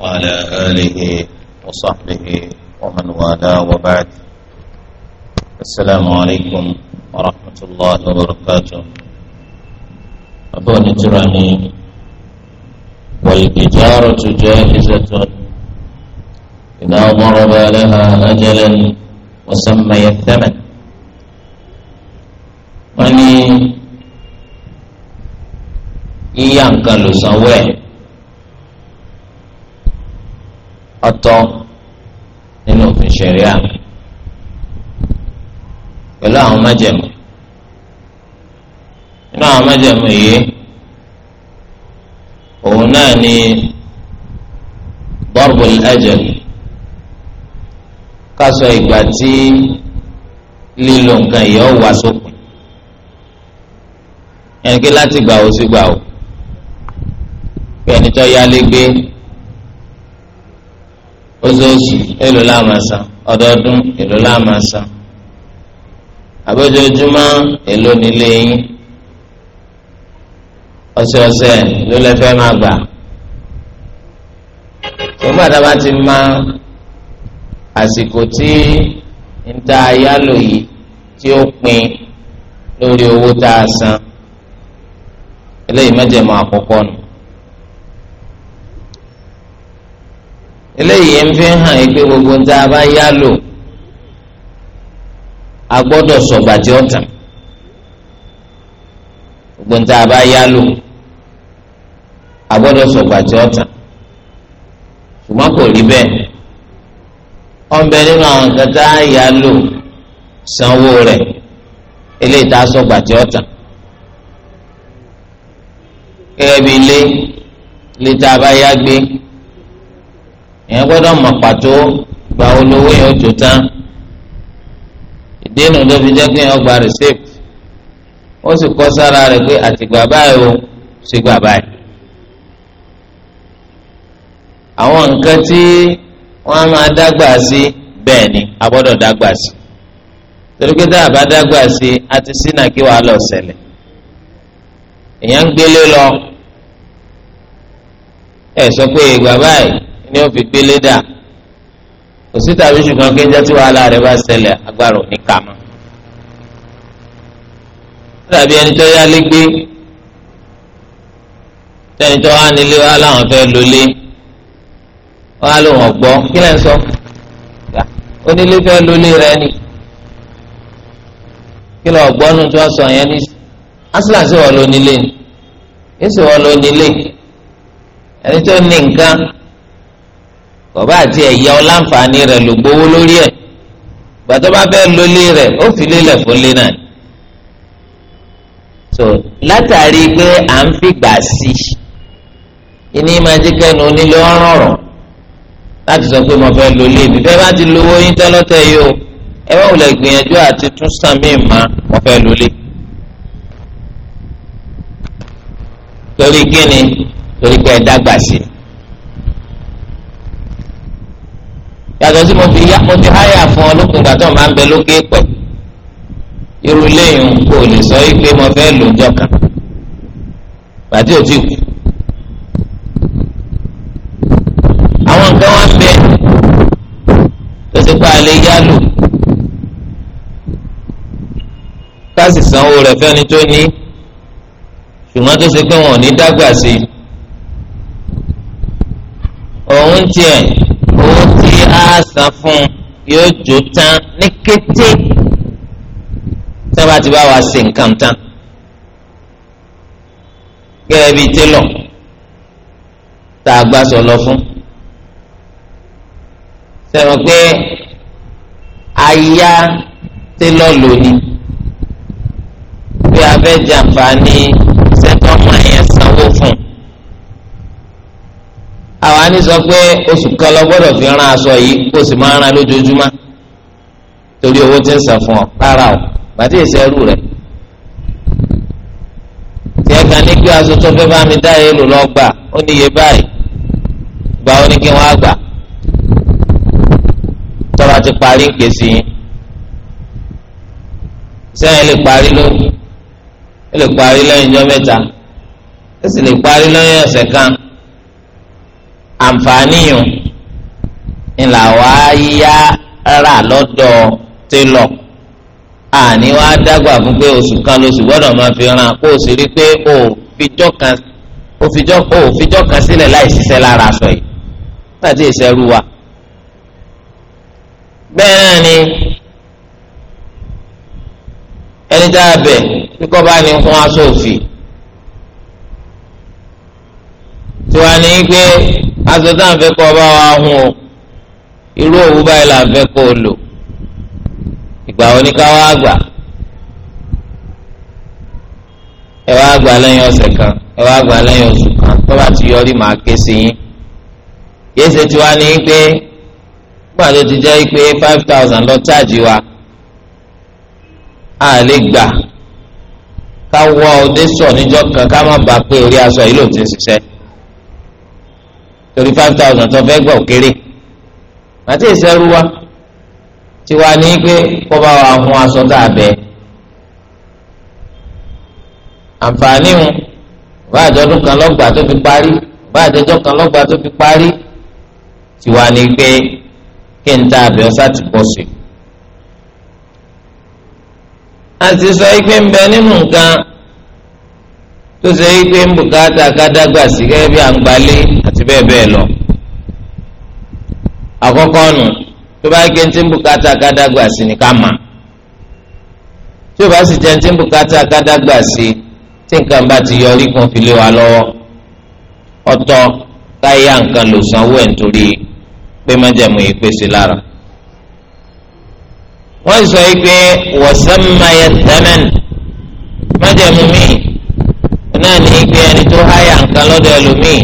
وعلى آله وصحبه ومن والاه وبعد السلام عليكم ورحمة الله وبركاته أبو نجراني والإجارة جاهزة إذا ضرب لها أجلا وسمي الثمن وأني yíyá nǹkan lò sanwó ẹ̀ ọ̀tọ̀ nínú òfin ṣẹ̀ríà pẹ̀lú àwọn májẹ̀mú nínú àwọn májẹ̀mú yìí òun náà ni darbul ajal ká sọ ìgbà tí lílo nǹkan yìí ó wá sópin ẹnikẹ́ láti gbà ó sí gbà ó pé ẹni tó yálé gbé oṣooṣù èlò láàmà san ọdọọdún èlò láàmà san àbójoojúmọ́ èlò nílé yín ọ̀sẹ̀ọ̀sẹ̀ ló lẹ́fẹ́ máa gbà nígbà tá a bá ti ma àsìkò tí ń ta yálò yìí tí ó pin lórí owó tá a san eléyìí mẹ́jẹ̀mọ́ àkọ́kọ́ nù. eléyìí ń fi hàn yín pé gbogbo tá a bá yá lò a gbọ́dọ̀ sọ̀gbàjẹ́ ọ̀tàn gbogbo tá a bá yá lò a gbọ́dọ̀ sọ̀gbàjẹ́ ọ̀tàn ṣùgbọ́n kò rí bẹ́ẹ̀ ọ̀nbẹ nínú àwọn nǹkan tá a yá lò sanwó rẹ̀ eléyìí tá a sọ̀gbàjẹ́ ọ̀tàn gẹ́gẹ́ bí ilé tá a bá yá gbé èèyàn gbọ́dọ̀ mọ̀ pàtó gba olówó yẹn ó tó tán ìdí inú ló fi jẹ́ pé èèyàn gba receipt ó sì kọ sára rẹ̀ pé àtìgbà báyìí o sì gbà báyìí. àwọn nǹkan tí wọ́n á máa dágbà sí bẹ́ẹ̀ ni a gbọ́dọ̀ dágbà sí torí pé tá a bá dágbà sí a ti sínà kí wàá lọ ṣẹlẹ̀ èèyàn ń gbélé lọ ẹ sọ pé ìgbà báyìí ni ó fi gbélé dà kò sí tàbí ṣùgbọ́n kéjá tí wàhálà rẹ̀ bá ṣẹlẹ̀ agbára ò ní kà mọ́. tàbí ẹni tó yá légbé tẹni tó wá nílé wá láwọn fẹ́ lólé wá lóun ọ̀gbọ́ kí lẹ́ ń sọ onílé fẹ́ lólé rẹ ni kí lọ ọ̀gbọ́nù tó sọ yẹn ní asílàsí wọ́n lónílé ni èsì wọ́n lónílé ẹni tó ní nǹkan bàbá àti ẹ̀yà ọláǹfààní rẹ̀ ló gbowó lórí ẹ̀ gbàtọ́ bá fẹ́ lólé rẹ̀ ó fi lélẹ̀ fún lé náà. so látàrí pé à ń fìgbà sí i ní máa jẹ́ kẹ́nu onílé ọ̀rọ̀rọ̀ láti sọ pé mo fẹ́ lólé mi fẹ́ bá ti lówó yín tẹ́lọ́tẹ́ yìí o ẹ bá wùlẹ̀ gbìyànjú àti tún sàmì ìmọ̀ mo fẹ́ lólé. torí kíni torí pé ẹ dágbà sí i. yàtọ̀ sí mo fi yá mo fi háyà fún ọ lókun ìgbà tó máa ń bẹ lókè pẹ̀ irú lẹ́yìn kò lè sọ yìí pé mo fẹ́ lò jọ kan pàtí òtí kù. àwọn nǹkan wá bẹ tó ti pa àlè yá lò káàsì sanwó rẹ̀ fẹ́ni tó ní ṣùgbọ́n tó ṣe pé wọn ò ní dàgbà sí i òun tiẹ̀ tí a san fún yóò jó tán ní kété sábà tí bá wa ṣe nǹkan tán gẹ́gẹ́ bíi télọ̀ tá a gbà sọ lọ fún sẹ́wọ̀n pé aya télọ̀ lónìí bí abẹ́jàǹfà ní sẹ́tọ́mọ̀ yẹn sanwó fún un àwa ní sọ pé oṣù kan lọ gbọ́dọ̀ fi rán aṣọ yìí kó o sì máa rán lójoojúmọ́ torí owó tí ń san fún ọ rárá o bàtí èsì ẹrú rẹ tí ẹ kàn ní kí aṣọ tó fẹ́ bá mi dá yé lò lọ́gbà ó ní iye báyìí gbà ó ní kí wọ́n á gbà tọ́ba ti parí ń ké sí yín sẹ́yìn lè parí lónìí ó lè parí lẹ́yìn ọjọ́ mẹ́ta ó sì lè parí lẹ́yìn ọ̀sẹ̀ kan àǹfààní yùn ńlá wa yá rà lọ́dọ̀ télọ̀ àní wa dágbà fún pé oṣù kan lóṣù gbọ́dọ̀ máa fi ràn kó o sì rí pé o fijọ́ kan o fijọ́ o fijọ́ sílẹ̀ láì ṣiṣẹ́ lára aṣọ yìí láti ìṣẹ́rú wa bẹ́ẹ̀ náà ni ẹni tá a bẹ̀ kíkọ́ bá ní fún aṣọ òfì tí wàá ní pé aṣọ tá à ń fẹ́ kọ́ ọba wa hun o irú òwú báyìí là ń fẹ́ kọ́ ọ lò ìgbà wo ni ká wá gbà ẹ wá gbà lẹ́yìn ọ̀sẹ̀ kan ẹ wá gbà lẹ́yìn oṣù kan tó bá ti yọrí màá ké sí yín yéé tiwa ní pé nígbà tó ti jẹ́ pé five thousand lọ cháàjì wa a lè gbà ká wọ ọdẹ sọ níjọ́ kan ká má bàa pé orí aṣọ yìí ló ti ṣiṣẹ́ torí five thousand tó fẹ́ gbà òkèrè àti ìṣẹ́rú wa ti wá ní pé kó bá wa hun aṣọ tá a bẹ àǹfààní wọn bá àjọdún kan lọ́gbà tó fi parí bá àjọjọ́ kan lọ́gbà tó fi parí ti wá ní pé kí n ta àbẹ̀ ọ̀sá ti pọ̀ sí. a ti sọ pé ń bẹ nínú nǹkan tó ṣe pé ń bùkátà ká dàgbà sí gẹ́gẹ́ bí à àti bẹ́ẹ̀ bẹ́ẹ̀ lọ. àkọ́kọ́ nù tó bá gé ntí bùkátà kádàgbà sí ni ká mà tí ó bá sì jẹ́ ntí ń bùkátà kádàgbà sí tí nǹkan bá ti yọrí kan fi lé wa lọ́wọ́ ọ̀tọ̀ káyà nǹkan lò sanwó ẹ̀ nítorí pé májàmú yìí pèsè lára. wọ́n sọ yìí pé wọ́sánmáyà tẹ́mẹ́n májàmú mi náà ní pé ẹni tó háyà nǹkan lọ́dọ̀ ẹlòmíì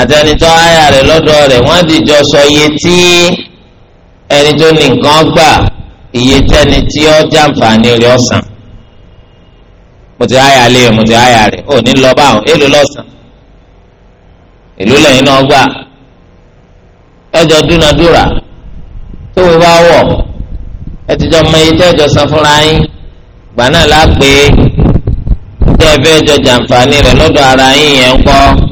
àtẹnitọ́ àyà rẹ̀ lọ́dọ̀ rẹ̀ wọ́n dìjọ sọ iye tí ẹni tó ní nǹkan gbà iye tẹni tí ọ jàǹfààní rẹ̀ ọ̀sán mo ti àyà lé mo ti ò ní lọ bá àwọn èlò lọ́sàn èlò lẹ́yìn náà gbà ẹjọ́ dúnadúrà tó o bá wọ̀ ẹ ti jọ mọ iye san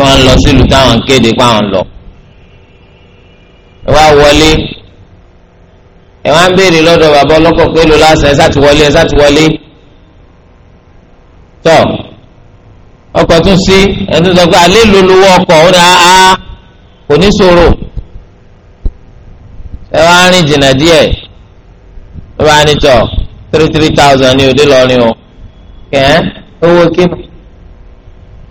wọ́n lọ sílùú táwọn kéde páwọn lọ ẹ wá wọlé ẹ wá ń béèrè lọ́dọ̀ bàbá ọlọ́kọ̀ pé ló lásán ẹ sáti wọlé ẹ sáti wọlé tọ ọkọ̀ tún sí ẹ tún sọ pé alẹ́ ló lówó ọkọ̀ ó dáa á kò ní sọ̀rọ̀ ẹ wá rìn jìnnà díẹ̀ ẹ wá ní tọ three three thousand ní òde lọ́rin o kẹ́ ẹ́ owó kí ni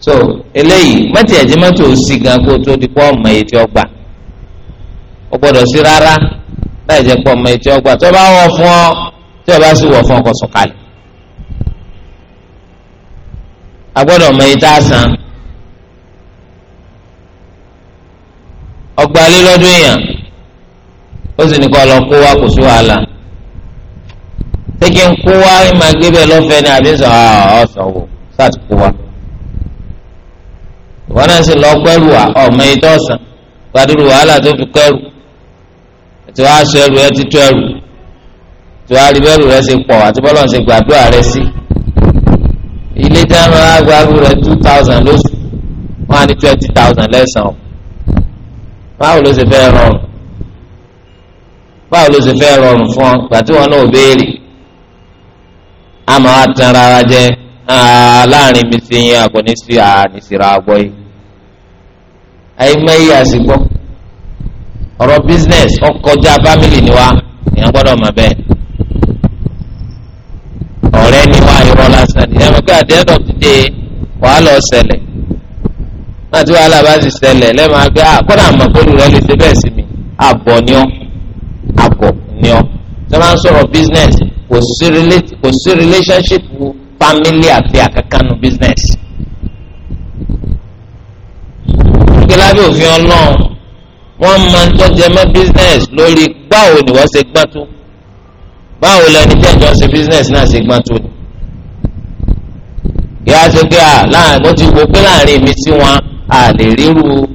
so eléyìí mọ́tì ẹ̀jẹ̀ mọ́tì ò sí gan kó tó di pọ́ ọmọ ètí ọgbà ó gbọ́dọ̀ sí rárá láì jẹ́ pọ́ ọmọ ètí ọgbà tó bá wọ̀ fún ọ tí o bá sì wọ̀ fún ọ kó sọ̀kalẹ̀ a gbọ́dọ̀ mọ ètí àsán ọgbà lílọ́dún èèyàn ó sì ní kó lọ kó wa kò sí wàhálà ṣé kí kó wa ẹ máa gbé bẹ́ẹ̀ lọ́fẹ̀ẹ́ ni àbí sọ ah, ọ́ sọ wò sáà ti kó wa wọn náà sì lọ pẹ́rù wa ọmọ ètò ọ̀sán gbadúrú wàhálà tó fi pẹ́rù tí wàá sọ ẹrù ẹ ti tó ẹrù tí wàá rí bẹ́rù rẹ ṣe pọ̀ àti bọ́lọ̀ ṣe gbàdúrà rẹ sí ilé dáná agbáru rẹ two thousand lóṣù wọn á ní twenty thousand lẹ́sàn-án báwo ló ṣe fẹ́ rọrùn báwo ló ṣe fẹ́ rọrùn fún ọ gbà tí wọn náà béèrè àmọ́ àtàrà ara jẹ láàrin mi sí yín àkọ́ní sí àníṣìírà àgbọ̀ yìí àìmọye àsìkò ọ̀rọ̀ business ọkọjá family ni wa èèyàn gbọ́dọ̀ mọ̀ bẹ́ẹ̀ ọ̀rẹ́ ni wa irọ́ lásán ni ẹ̀rọ pé at the end of the day wàhálà ọ̀sẹ̀lẹ̀ náà tí wàhálà bá ti ṣẹlẹ̀ lẹ́ẹ̀ma gbé àkọ́dà àmọ́ rẹ lè ṣe bẹ́ẹ̀ sí mi àbọ̀ ni ọ́ àbọ̀ ni ọ́ tí wọ́n máa ń sọ̀rọ̀ business kò sí relationship family àti àkàkànnù business. pé lábẹ́ òfin ọlọ́run wọ́n máa ń tọ́jú mọ́ business lórí báwo ni wọ́n ṣe gbá tó báwo lẹni tí ẹjọ́ ṣe business náà ṣe gbá tó ni. ìyá ṣe pé à láàrin mo ti wo pé láàrin mi sí wọn a lè ríru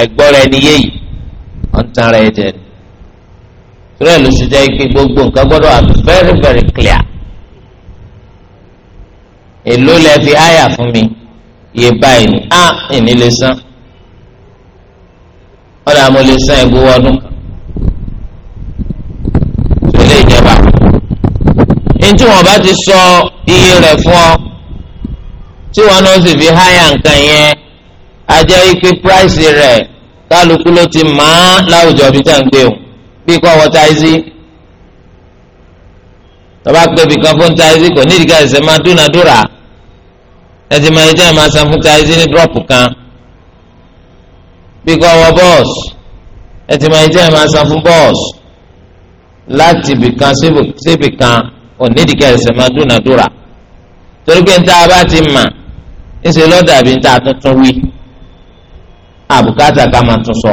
àìgbọ́ra ẹni yé yìí wọ́n ń tan ara ẹ jẹ ni. ìrẹ́ ló ṣe jẹ́ pé gbogbo nǹkan gbọ́dọ̀ wà very very clear. èló lẹ fi háyà fún mi yé báyìí ni a ìní lè san ọ̀dà mo lè san ìgbowó ọdún kan tó lè jẹba ntí wọn bá ti sọ iye rẹ̀ fún ọ tí wọn náà sì fi háyà nǹkan yẹn ajẹ́ ike price rẹ̀ kálukú ló ti máa láwùjọ bí tẹ̀ ń gbé o bí kò wọ́n táìsì tọ́ba pé bìkan fún táìsì kò ní ìdíkà ẹ̀sẹ̀ máa dúnadúrà ẹ̀sìn máa yẹ jẹ́ máa san fún táìsì ní dúrọ́pù kan bí kò wọ bọ́ọ̀sì ẹ ti máa jẹ́ ẹ máa san fún bọ́ọ̀sì láti ibìkan síbìkan onídìíkẹ́ ẹsẹ̀ máa dúnadúrà torí pé níta bá ti mà ńṣe lọ́dà bí níta tuntun wí àbùkátà ká máa tún sọ.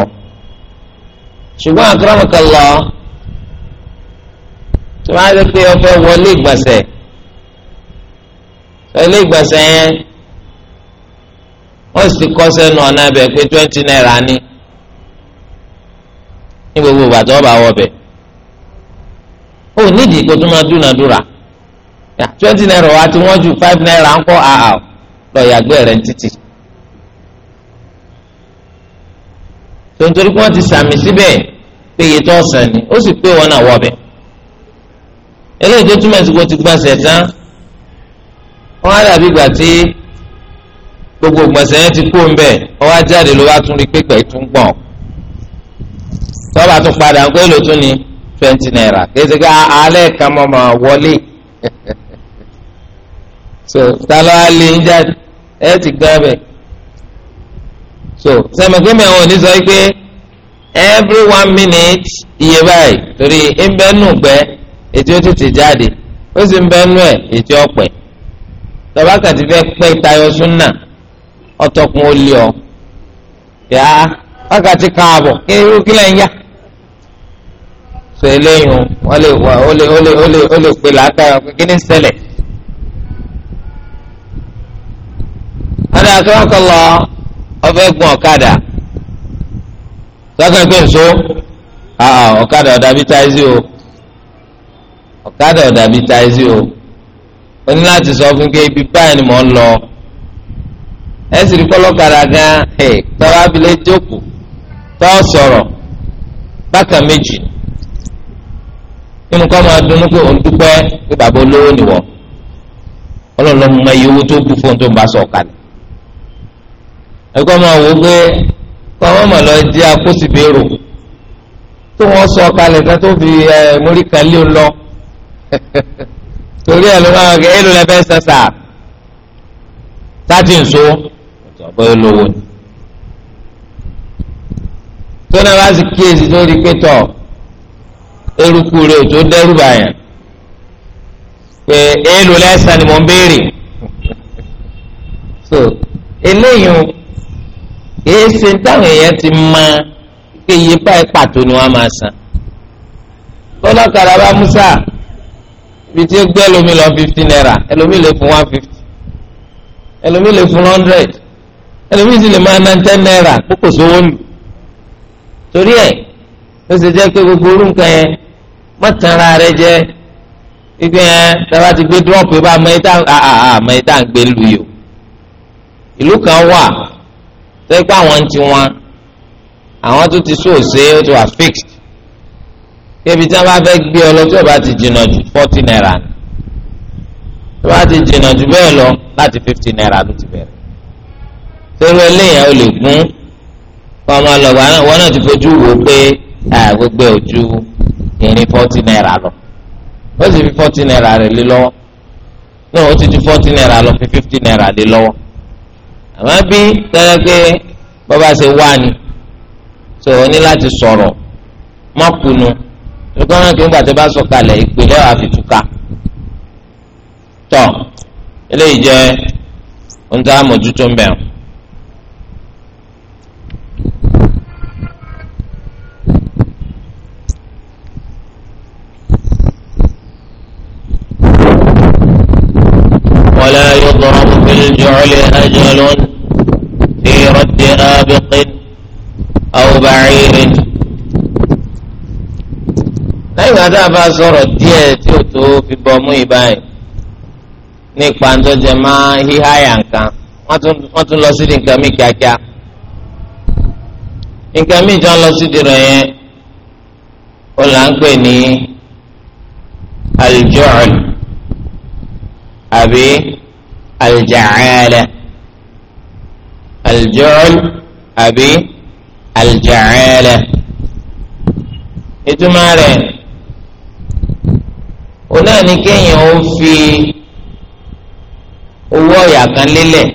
ṣùgbọ́n àkàràmọ̀kà lọ tí wọ́n á rí pé ọ fẹ́ wọlé ìgbọ̀nsẹ̀ ilé ìgbọ̀nsẹ̀ yẹn wọ́n sì kọ́ sẹ́nu ọ̀nà ẹ̀bẹ̀ pé twenty naira ní ní gbogbo ìgbà tó bá wọ bẹ̀ ó nídìí kó tó máa dúnadúrà twenty naira wa ti wọ́n ju five naira ń kọ́ àhà lọ́ọ́ rẹ̀ títì. tontori kí wọ́n ti sàmì síbẹ̀ pé iye tó sàn ni ó sì pé wọn náà wọ bẹ̀ eléyìí tó túmọ̀ sí kó ti gbà sẹ̀ tán gbogbo gbọ̀nsẹ̀ yẹn ti kó ń bẹ̀ ọwọ́ ajáde ló wá tún rí pípẹ́ tún gbọ̀n tọ́ba tún padà ń pé ló tún ní twenty naira kéde ká alẹ́ kan mọ́ máa wọlé so tálọ́ á lé ń jáde ẹ ti gbọ́ bẹ̀ so sẹ́mẹ̀gbẹ́mẹ̀ wọn ò ní sọ pé every one minute iye báyìí torí ń bẹ́ nù gbẹ́ ètí ó tètè jáde ó sì ń bẹ́ nù ẹ̀ ètí ọ̀pẹ̀ tọ́ba kàti fẹ́ pẹ́ tayọ súnà. ọtọkùn olè ọ yá wákàtí kan àbọ̀ kí irú yá sọ eléyìí wọ́n lè wà ó lè ó lè ó lè ó lè pè látàrí ọ̀pẹ kí ni nso ọ̀kadà ọ̀dàbí táìsì o ọ̀kadà ọ̀dàbí táìsì o ó ní láti sọ fún kí ibi báyìí ẹ sì rí kọlọkàrà gan ẹ tọwọ abilé jókòó tọwọ sọ̀rọ̀ bákan méjì nínú kọ́ máa dunnú pé òun dúpẹ́ pé bàbá olówó nìwọ ọlọ́lọ́ mọ iye owó tó kú fóun tó ń bá sọ̀ kalẹ̀ ẹ̀kọ́ máa wò ó pé kọ́ wọ́n mọ̀ lọ jẹ́ akóṣìbérò tó wọ́n sọ kalẹ̀ tán tó fi ẹ̀ mórí kan lé lọ torí ẹ̀ ló máa gẹ̀ ẹ́ ló lẹ́ sẹ́sà tá a ti ń so ọ̀pẹ́ olówó ni. tó náà bá sì kíyèsí tó rí pé tọ̀ eruku rẹ̀ tó dẹ́rù bàyàn pé èèlò lẹ́sàn ni mò ń béèrè so eléyìí kìí ṣe táwọn èèyàn ti mọ pé iye báyìí pàtó ni wọ́n máa san tọ́lọ́kadà bá musa ibi tí ó gbé ẹlòmíì lọ fifty naira ẹlòmíì lè fún one fifty ẹlòmíì lè fún hundred ẹlòmíì sì lè máa ná ten náírà kó kò sówó lù torí ẹ̀ ó sì jẹ́ pé gbogbo orú nǹkan yẹn má tan ara rẹ jẹ ibi yẹn tẹ́lá ti gbé dúrọ́ọ̀pù bá àmọ́ ìta àmọ́ ń gbé lu yìí ìlú kan wà tẹ́ pé àwọn ti wọn àwọn tó ti sóòsè ó ti wà fixed kébi tí wọn bá fẹ́ gbé ọ lọ tí o bá ti jìnnà ju forty naira tí o bá ti jìnnà ju bẹ́ẹ̀ lọ láti fifty naira ló ti bẹ̀rẹ̀ pẹ̀lú eléyàn ò lè gún kọ́ ọmọ lọ́gbà náà wọ́n náà ti fojú wò ó pé gbogbo ojú ìrìn fọ́tí náírà lọ ó sì fi fọ́tí náírà rẹ̀ lé lọ́wọ́ náà ó ti ju fọ́tí náírà lọ fi fífítì náírà lé lọ́wọ́ àmọ́ bí tẹ́lẹ̀ pé bọ́ba ṣe wá ni tó o ní láti sọ̀rọ̀ mọ́kùnú nígbà náà kí n gbà bá sọ kalẹ̀ ìpínlẹ̀ àfitúka tọ́ eléyìí jẹ́ ohun tó á mójútó ń bẹ̀rù. الجعل أجل في رد آبق أو بعير lẹ́yìn ìgbà tá a bá sọ̀rọ̀ díẹ̀ tí ó tó fi bọmú ìbáyìí nípa tó jẹ máa híháyà nǹkan wọ́n tún lọ sí di nǹkan mí kíákíá nǹkan mí jọ lọ sí di rẹ̀ yẹn ó là ń pè ní aljọ́ọ̀lù àbí aljacaala الجعل أبي aljacaala ìtumọ̀ rẹ̀ òun náà ni kéèyàn ó fi owó ọ̀yà kan lélẹ̀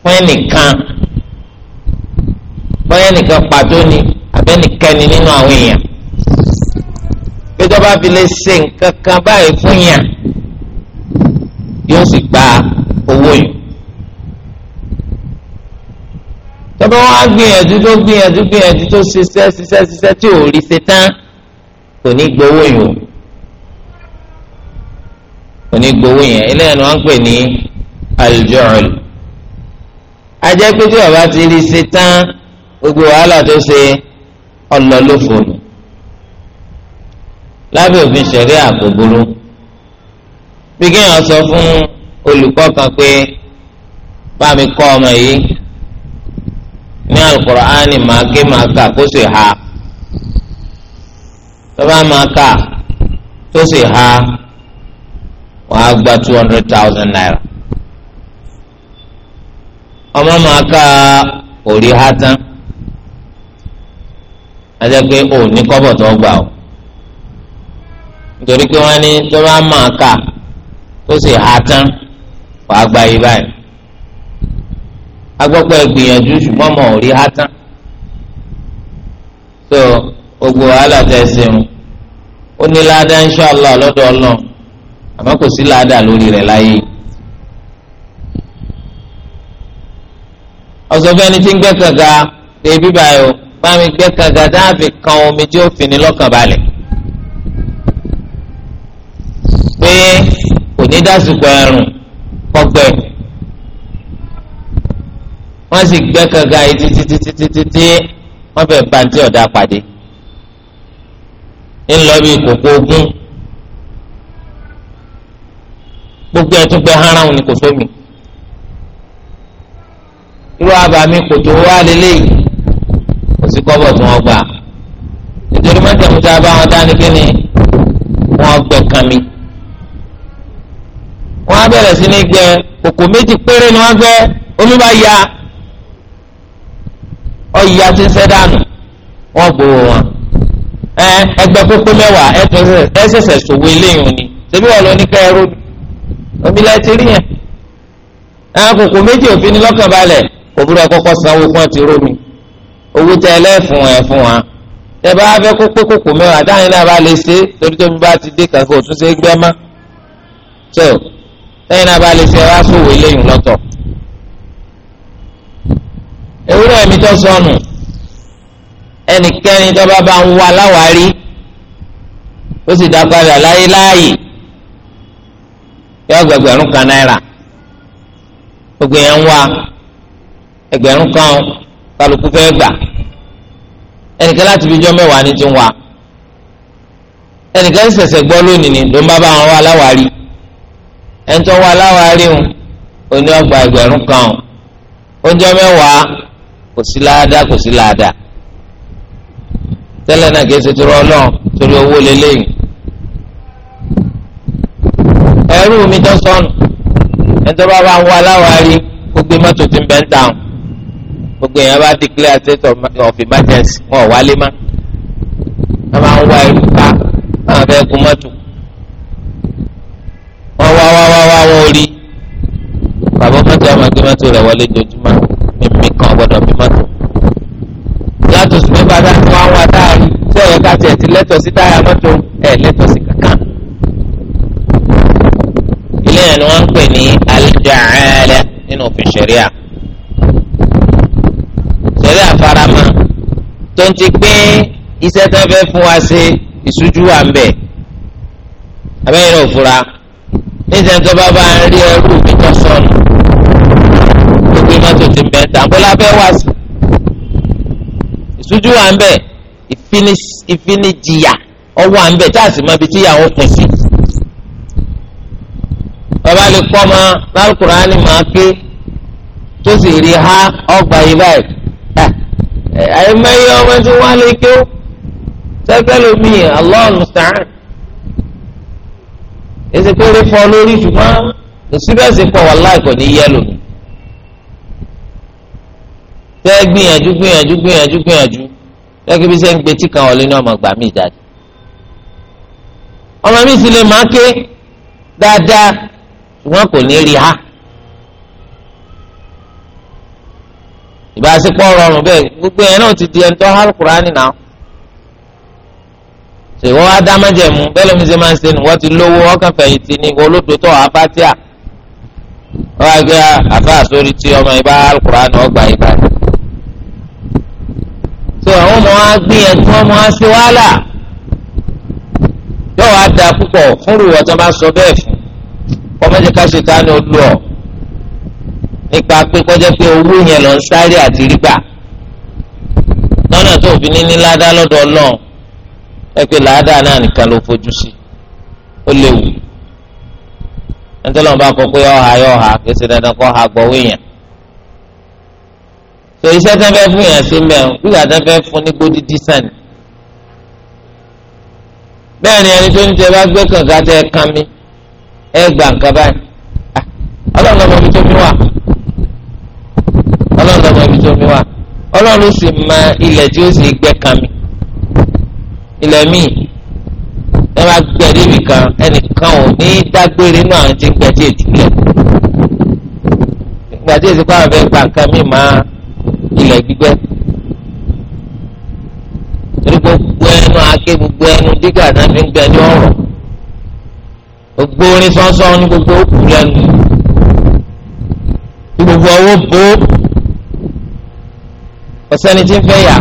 fún ẹnìkan fún ẹnìkan pàtó ni abẹ́nìkẹ́ni nínú àwọn èèyàn pé tó bá fi lè ṣe nǹkan kan báyìí fún yàn yóò sì gba owó yìí. tọ́ba wọn á gbìyànjú tó gbìyànjú gbìyànjú tó ṣiṣẹ́ ṣiṣẹ́ ṣiṣẹ́ tí ò rí ṣe tán kò ní gbowó yìí o kò ní gbowó yẹn eléyìí ni wọ́n ń pè ní aljọ́ọ̀lù. ajẹ́ pé tí bàbá ti rí ṣe tán gbogbo wàhálà tó ṣe ọlọ́lọ́fọ̀ọ́ lábẹ́ òfin ṣẹ̀rí àkóbúrú bí kéèyàn sọ fún olùkọ́ kan pé bá mi kọ́ ọmọ yìí ní alukur'ani máa ké máa kà kó sì ha tó máa kà tó sì ha wọ́n gba two hundred thousand naira ọmọ máa kà òrí ha tán ajẹ́ pé ò ní kọ́bọ̀ tó gbà ó nítorí pé wọ́n ní tó bá máa kà tó sì ha tán wàá gba yìí báyìí agbọ́pọ̀ ìgbìyànjú ṣùgbọ́n mọ̀ ò rí ha tán so gbogbo wàhálà tẹ̀ ṣeun ó ní ládàá inṣàlá lọ́dọ̀ ọlọ́run àmọ́ kò sí ládàá lórí rẹ̀ láyé yìí. ọsọfẹ ni tí ń gbẹ́ kànga ebi báyìí o bá mi gbẹ́ kànga tá kan omi tí ó fi ní lọ́kàn balẹ̀ pé dásìkò ẹ̀rùn kọgbẹ́ wọ́n sì gbẹ́ kànga yìí títítítítí wọ́n fẹ́ bàǹtí ọ̀dà pàdé ńlọ bí kòkó ogún gbogbo ẹtún pé haram ni kò sómi irú abàmì kòtò wà lélẹ́yìí kò sí kọ́bọ̀ tí wọ́n gbà nítorí mọ́tẹ́mú tá a bá wọn dání kí ni wọ́n gbẹ kàn mí wọ́n á bẹ̀rẹ̀ sí ní gbẹ kòkò méjì péré ni wọ́n gbẹ omi bá ya ọ̀yà ti ń sẹ́ dànù wọ́n gbowó wọn ẹgbẹ́ kókó mẹ́wàá ẹsẹ̀sẹ̀ sòwò eléyìí ni ṣebí wọ́n lọ ní kẹ́rù omi la ti rí yẹn kòkò méjì òfin ni lọ́kàn balẹ̀ òbúrò ẹ̀kọ́kọ́ sanwó fún ọtí rómi owó tẹ ẹ lẹ́fún ẹ fún wa tẹ bá fẹ́ kókó kòkó mẹ́wàá dáhùn náà bá lè ṣe torí tómi bá ti dé kankan òtún ṣe gbẹ́ lẹ́yìn náà bá lè ṣe wá sówó eléyìí lọ́tọ̀ ewúrẹ́ mi tó sọnù ẹnikẹ́ni tó bá bá ń wá láwárí ó sì dá padà láyé láàyè yọ gbẹgbẹ̀rún kan náírà gbogbo yẹn ń wá ẹgbẹ̀rún kan kálukú fẹ́ gbà ẹnìkan láti fi jọ mẹ́wàá ní ti ń wá ẹnìkan ń ṣẹ̀ṣẹ̀ gbọ́ lónìí ni ló ń bá bá wọn wá láwárí ẹnitọ́ wa láwárí ń oní ọgbà ẹgbẹ̀rún kan oúnjẹ mẹ́wàá kò sí láàdá kò sí láàdá tẹ́lẹ̀ náà kìí ṣe torí ọlọ́run torí owó lélẹ́yìn ẹrú mi tó sọnù ẹnitọ́ bá bá ń wa láwárí gbogbo mọ́tò ti ń bẹ́ ń tàn gbogbo èèyàn bá declare state of emergency wọn ò wálé má wọn máa ń wá ẹrú ká wọn fẹ́ gun mọ́tò. mọ́tò àwọn agbé mọ́tò rẹ̀ wọlé dojúmọ́ mímí kan gbọ́dọ̀ bí mọ́tò. yàtọ̀ sí mẹ́fà dá tí wọ́n wá táàrí tí ọ̀yọ́ ká tiẹ̀ ti lẹ́tọ̀ sí táyà mọ́tò ẹ̀ lẹ́tọ̀ sí kankan. ilé yẹn ni wọ́n ń pè ní alìjàálẹ̀ nínú òfin ṣẹ̀ríà. ṣẹ̀ríà farama tó ń ti pé iṣẹ́ tó fẹ́ fún wa ṣe ìṣújú wa ń bẹ̀. abẹ́yẹn ò fura tó bá bá ń rí ẹrú mi tó sọnù Eh, eh, mọ́tò ti ń bẹ tàǹbọ̀lá fẹ́ wá sí ìtújú wa ń bẹ ìfinijìyà ọwọ́ à ń bẹ tá a sì mọ ibi tí ìyàwó pín sí. bàbá lè kọ́ ọmọ lálùkùránì máa ké tó sì rí ha ọgbà yìí báyìí àìmọye ọmọ tí wọ́n lè ké sẹ́gbẹ́lómi Allahu musta'an èsì péré fọ́ lórí ṣùgbọ́n kò síbẹ̀ sí pọ̀ wàláì kò ní yẹ tẹ́ gbìyànjú gbìyànjú gbìyànjú gbìyànjú lẹ́gbẹ́ bí sẹ́ ń kan ọ̀lẹ́ ní ọmọ mí jáde. ọmọ mi ha. ìbáṣepọ̀ rọrùn bẹ́ẹ̀ gbogbo yẹn náà ti di ẹni tó ṣèwọ́ bẹ́ẹ̀ lómi ṣe máa ń ṣe wọ́n ti lówó ọkàn fẹ̀yìntì ní olódò tó tí ọmọ ìbá tó àwọn ọmọ wa gbìyànjú ọmọ wa ṣe wàhálà yóò wá da púpọ̀ fúnrù ọ̀tọ́ bá sọ bẹ́ẹ̀ fún kọ́mẹ́jẹ káṣe ta ni ó lù ọ́ nípa pé kọjá pé owó yẹn lọ ń sáré àti rígbà lọ́nà tó fi ní ní ládàá lọ́dọ̀ náà ẹ pé làádàá náà nìkan ló fojú sí ó léwu nítorí wọn bá kọ pé ọ̀hà yọ̀ọ̀hà kì ṣe dandan kọ́ ha gbọ́ owó tó iṣẹ́ tó fẹ́ fún yẹn sí mẹ́rin gbígbà tó fẹ́ fún ní gbódì dísàn. bẹ́ẹ̀ ni ẹni tó ń tẹ bá gbé kànga tẹ kan mi ẹ gbà nǹkan báyìí ọlọ́run lọ́mọ ibi tó mi wà ọlọ́run lọ́mọ ibi tó mi wà ọlọ́run sì mọ ilẹ̀ tí ó sì gbẹ́ kan mi ilẹ̀ míì ẹ bá gbẹ níbi kan ẹnìkan ò ní dágbére náà ti gbẹ tí ètúlẹ̀ gbàdé ìsìnkú àwọn fẹ́ gbà nǹkan míì máa. dígà náà fi ń gbẹ ní ọ̀rọ̀ gbogbo orin sọ́nsọ́n ní gbogbo òkú lẹ́nu ní gbogbo ọwọ́ bó ọ̀sẹ́ni tí ń fẹ́ yà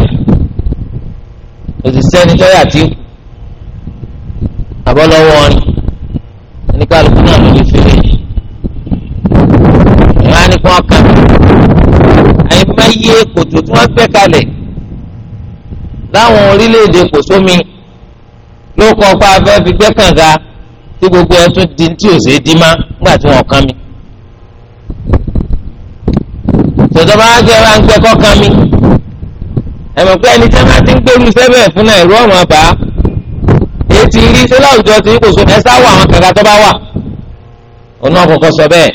òṣìṣẹ́ ni tọ́yà tí kù àbọ̀lọ́wọ́ ọ̀rìn oníkàlùkù náà ló ní fèrè ìwọ́n á ní kó ọkàn àyè máa yé kòtò tí wọ́n gbẹ́ kalẹ̀ láwọn orílẹ̀-èdè So ló kọ́ fún afẹ́ fi gbẹ́ kànga tí gbogbo ẹ̀ tún di tí ò ṣe é di má nígbà tí wọ́n kàn mí. tòjọba á gbẹ́ máa ń gbẹ́ kọ́ kàn mí. ẹ̀mọ̀ pé ẹni tí wọ́n ti ń gbèrú sẹ́bẹ̀ fún náà ìrú ọ̀run àbá ètí rí sí láwùjọ tí kò so ẹ sáwọ àwọn kànga tó bá wà. ọ̀nà ọ̀kọ̀ọ̀kọ̀ sọ bẹ́ẹ̀.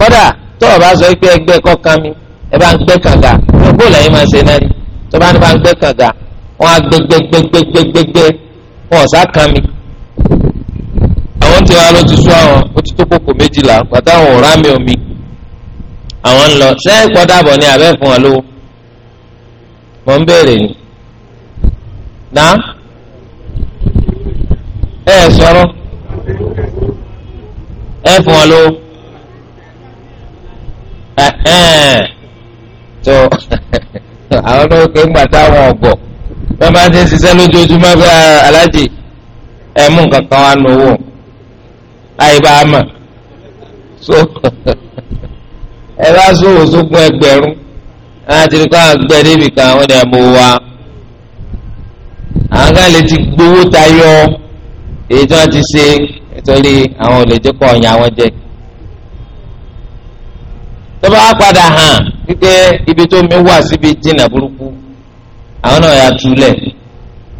kódà tó o bá sọ pé ẹgbẹ́ kọ́ kàn mí ẹ bá ń gbẹ́ kànga bó lẹ́yìn máa ṣe náà tó bá ń gbẹ́ kànga wọn á gbẹgbẹgbẹgbẹgbẹ wọn ọ̀sá kan mi àwọn tí wàá ló ti sún àwọn ó ti tó kókò méjìlá pàtó àwọn ò rámi omi àwọn ń lọ sẹ́yìn pọ́dàbọ̀ ni àbẹ́ fún wọn lówó mọ̀ ń béèrè ni náà ẹ ẹ sọ̀rọ̀ ẹ fún wọn lówó tó àwọn olóògbé ń gbà táwọn ọ̀gbọ̀n bá ti ń ṣiṣẹ́ lójoojúmọ́ fẹ́ aláàjì ẹ̀ mú nǹkan kan wá nu láì bá a mọ̀ so ẹ bá sòwò sókun ẹgbẹ̀rún láti rí kó àgbẹ̀ débi kan àwọn ènìyàn mọ̀ wá àwọn kan lè ti gbowó tayọ èyí tí wọ́n ti ṣe nítorí àwọn olè kọ́ ọ̀yàn àwọn jẹ́ tó bá padà hàn wípé ibi tó mi wà síbi jìnnà burúkú àwọn náà yà túlẹ̀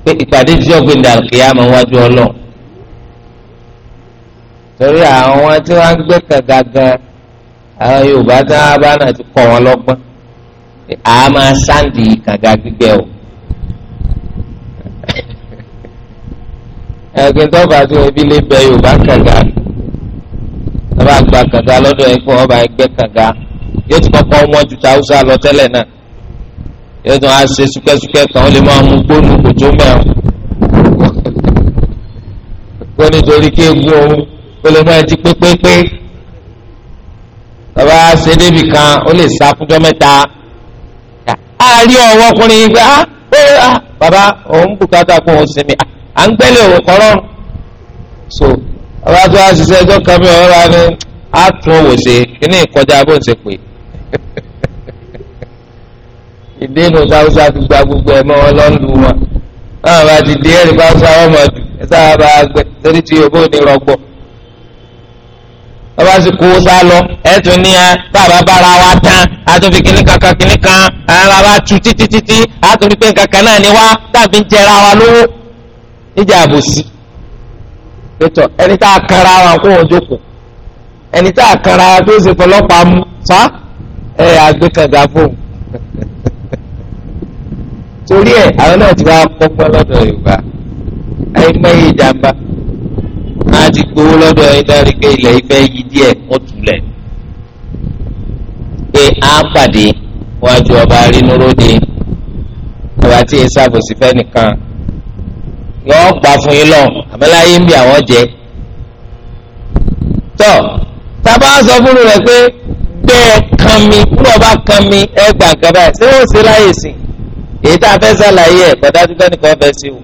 pé ìpàdé tí ọ̀gbìn dàkìyà máa wájú ọlọ́ torí àwọn tí wọ́n á gbé kàga gan àwọn Yorùbá tí wọ́n bá náà ti kọ́ wọn lọ́gbọ́n a máa sáǹdì kàga gbígbẹ́ o. ẹ̀gbìn tó bá tó ebi lè bẹ Yorùbá kàga ọba àgbà kàga lọ́dọ̀ ẹ̀kọ́ ọba ẹgbẹ́ kàga yóò ti kọ́kọ́ wọ́n ju tàwùsà lọ tẹ́lẹ̀ náà yóò tún á ṣe súkẹ́súkẹ́ kan ó lè máa mú gbónú kòtò mẹ́rin kó nítorí kí egun òun ó lè máa di pépépé bàbá ṣe débì kan ó lè sá fúnjọ́ mẹ́ta á rí ọwọ́ ọkùnrin yìí pé á ó á bàbá òun bùkátà kó òun sinmi à ń gbẹ́lẹ̀ òun kọ́rọ́ so bàbá tó á ṣiṣẹ́ ẹjọ́ kan mi ọ̀rọ̀ ni á tún òwò ṣe kí ní ìkọjá bó ń ṣe pè é. ìdénú sáwùsá ti gba gbogbo ẹ̀ mọ́ ọlọ́ọ̀lù wọn náà bá ti di ẹ̀rí bá sáwọ́ mọ̀ jù ẹ sáà bá gbẹ torí ti yòókù ní rọgbọ. bàbá sì kó sá lọ ẹ tún ní ẹ ah, bàbá bára wa tán a tún fi kíní kankan kíní kan ara wa tu títí títí a pé kankan náà ni wá tàbí ń jẹra wa lówó níjà àbòsí. pétọ ẹni tá a kanra wa kó wọn jókòó ẹni tá a kanra wa tó ṣe fọlọ́pàá mú fa ẹ fóun. torí ẹ̀ àwọn náà ti wá kọ́kọ́ lọ́dọ̀ yorùbá àìmọye ìjàmbá máa ti gbowó lọ́dọ̀ yín dárí pé ilẹ̀ ìfẹ́ yí díẹ̀ wọ́n túlẹ̀ pé á pàdé wájú ọba rínúróde ọba tí ẹ ṣàbòsí fẹ́ nìkan yọ̀ọ́ gbà fún yín lọ àbẹ́láyé ń bí àwọn jẹ tọ́ tábà sọ fún rẹ̀ pé bẹ́ẹ̀ kan mi kúrò bá kan mi ẹ gbà báyìí ṣé ó ṣe láyè sí i èyí tá a fẹ́ sàlàyé ẹ̀ kọ́dá tó fẹ́ nìkan fẹ́ sí o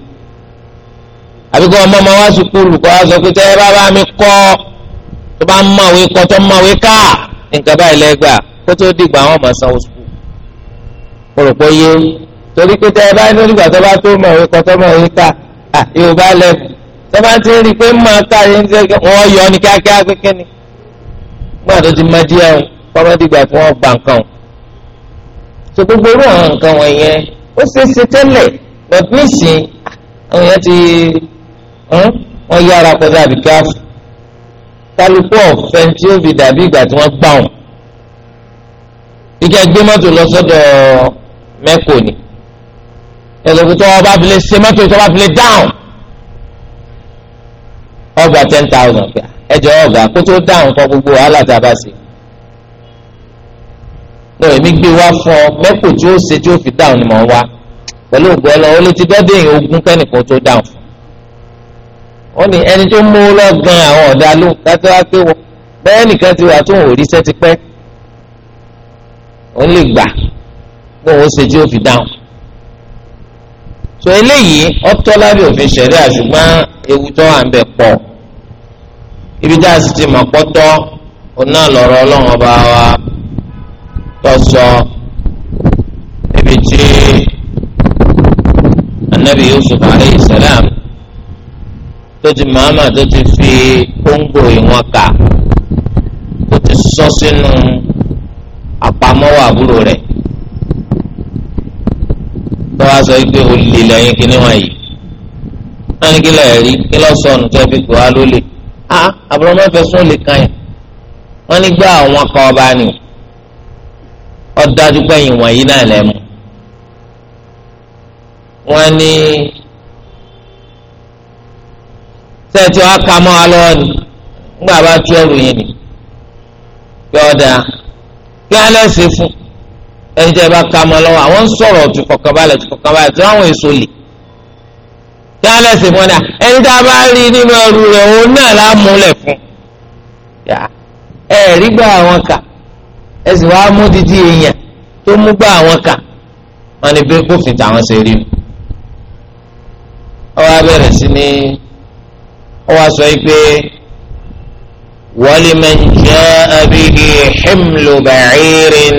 àbí kọ́ ọmọ ọmọ wa sùkúlù kọ́ wa sọ pé tẹ́ ẹ bá bá mi kọ́ tó bá ń mọ̀wé kọ́ tó ń mọ̀wé ká nǹkan báyìí lẹ́gbàá kó tó dìgbà àwọn ọmọ sanwó sùkúlù mo rò pé yé torí pé tẹ́ ẹ bá ní ìgbà tó bá tó mọ̀wé kọ́ tó mọ̀wé ká yóò bá lẹ́kù tó bá ti rí i pé máa ká yẹn ti wọ́n yọ ó ṣe é ṣe tẹ́lẹ̀ but nísìnyí àwọn èèyàn ti hm, wọ́n yára pẹ̀lú àbíkáfù kálukú ọ̀fẹ́ tí ó fi dàbí ìgbà tí wọ́n gbà wọ́n ìjà gbé mọ́tò lọ sọ́dọ̀ mẹ́kò ni ẹlòmí tó ọba fi lè ṣe mọ́tò tó ọba fi lè dáhùn ọgbà ten thousand ẹjọ ọgbà kó tó dáhùn kọ gbogbo wàhálà tá a bá ṣe lọ èmi gbé wá fún ọ mẹ́kò tí ó ṣe tí ó fi dáhùn ni mò ń wá pẹ̀lú ògbẹ́ lọ ó lè ti dọ́dẹ̀ èèyàn ogún kẹ́nìkan tó dáhùn. ó ní ẹni tó mú lọ́gán àwọn ọ̀dà ló dájú wá pé wọ́n bẹ́ẹ̀ nìkan ti wà tó ń rí iṣẹ́ ti pẹ́ ó lè gbà bó ó ṣe tí ó fi dáhùn. sọ eléyìí ọ̀tọ̀ lábẹ́ òfin ṣẹ̀ríà ṣùgbọ́n ewu tó wà ń bẹ pọ̀ ibi tá a sì ti mọ̀ pọ́tọ́ òun tọ́sọ ibi tí anabi yusuf alayhi salam tó ti màmá tó ti fi kóńgò ìwọ̀n kà tó ti sọ sínú àpamọ́wọ́ àbúrò rẹ̀ tó wá sọ pé olè lẹ́yìn kíní wọ̀nyí wọ́n ní kí lọ́ọ́ rí kí lọ́ọ́ sọnù tó fi kó wa lólè ah àbúrò máa fẹ́ sún olè kan yẹn wọ́n ní gbá àwọn kan ọba nìyí ọdájú pẹ̀yìn wọ̀nyí náà lẹ̀ mú. wọ́n ní sẹ́ẹ̀tì wa ka mọ́ alọ́ ni ńgbà bá tú ẹrù yẹn ni pé ọ̀dà kí alẹ́ ṣe fún ẹni tẹ́ bá ka mọ́ lọ́wọ́ àwọn ń sọ̀rọ̀ tù kọ̀kan balẹ̀ tù kọ̀kan balẹ̀ tí wọ́n èso lè kí alẹ́ ṣe fún ọ̀dà ẹni tá a bá rí nínú ẹrù rẹ̀ òun náà lámúlẹ̀ fún ẹ̀ẹ́dígbà àwọn kà ẹ sì wá mú dídí èèyàn tó mú gbá àwọn kà wọn ni bí kófin táwọn ṣe rí ọ wá bẹ̀rẹ̀ sí ní ọ wá sọ pé waliman jaa bihi himlu ba'irin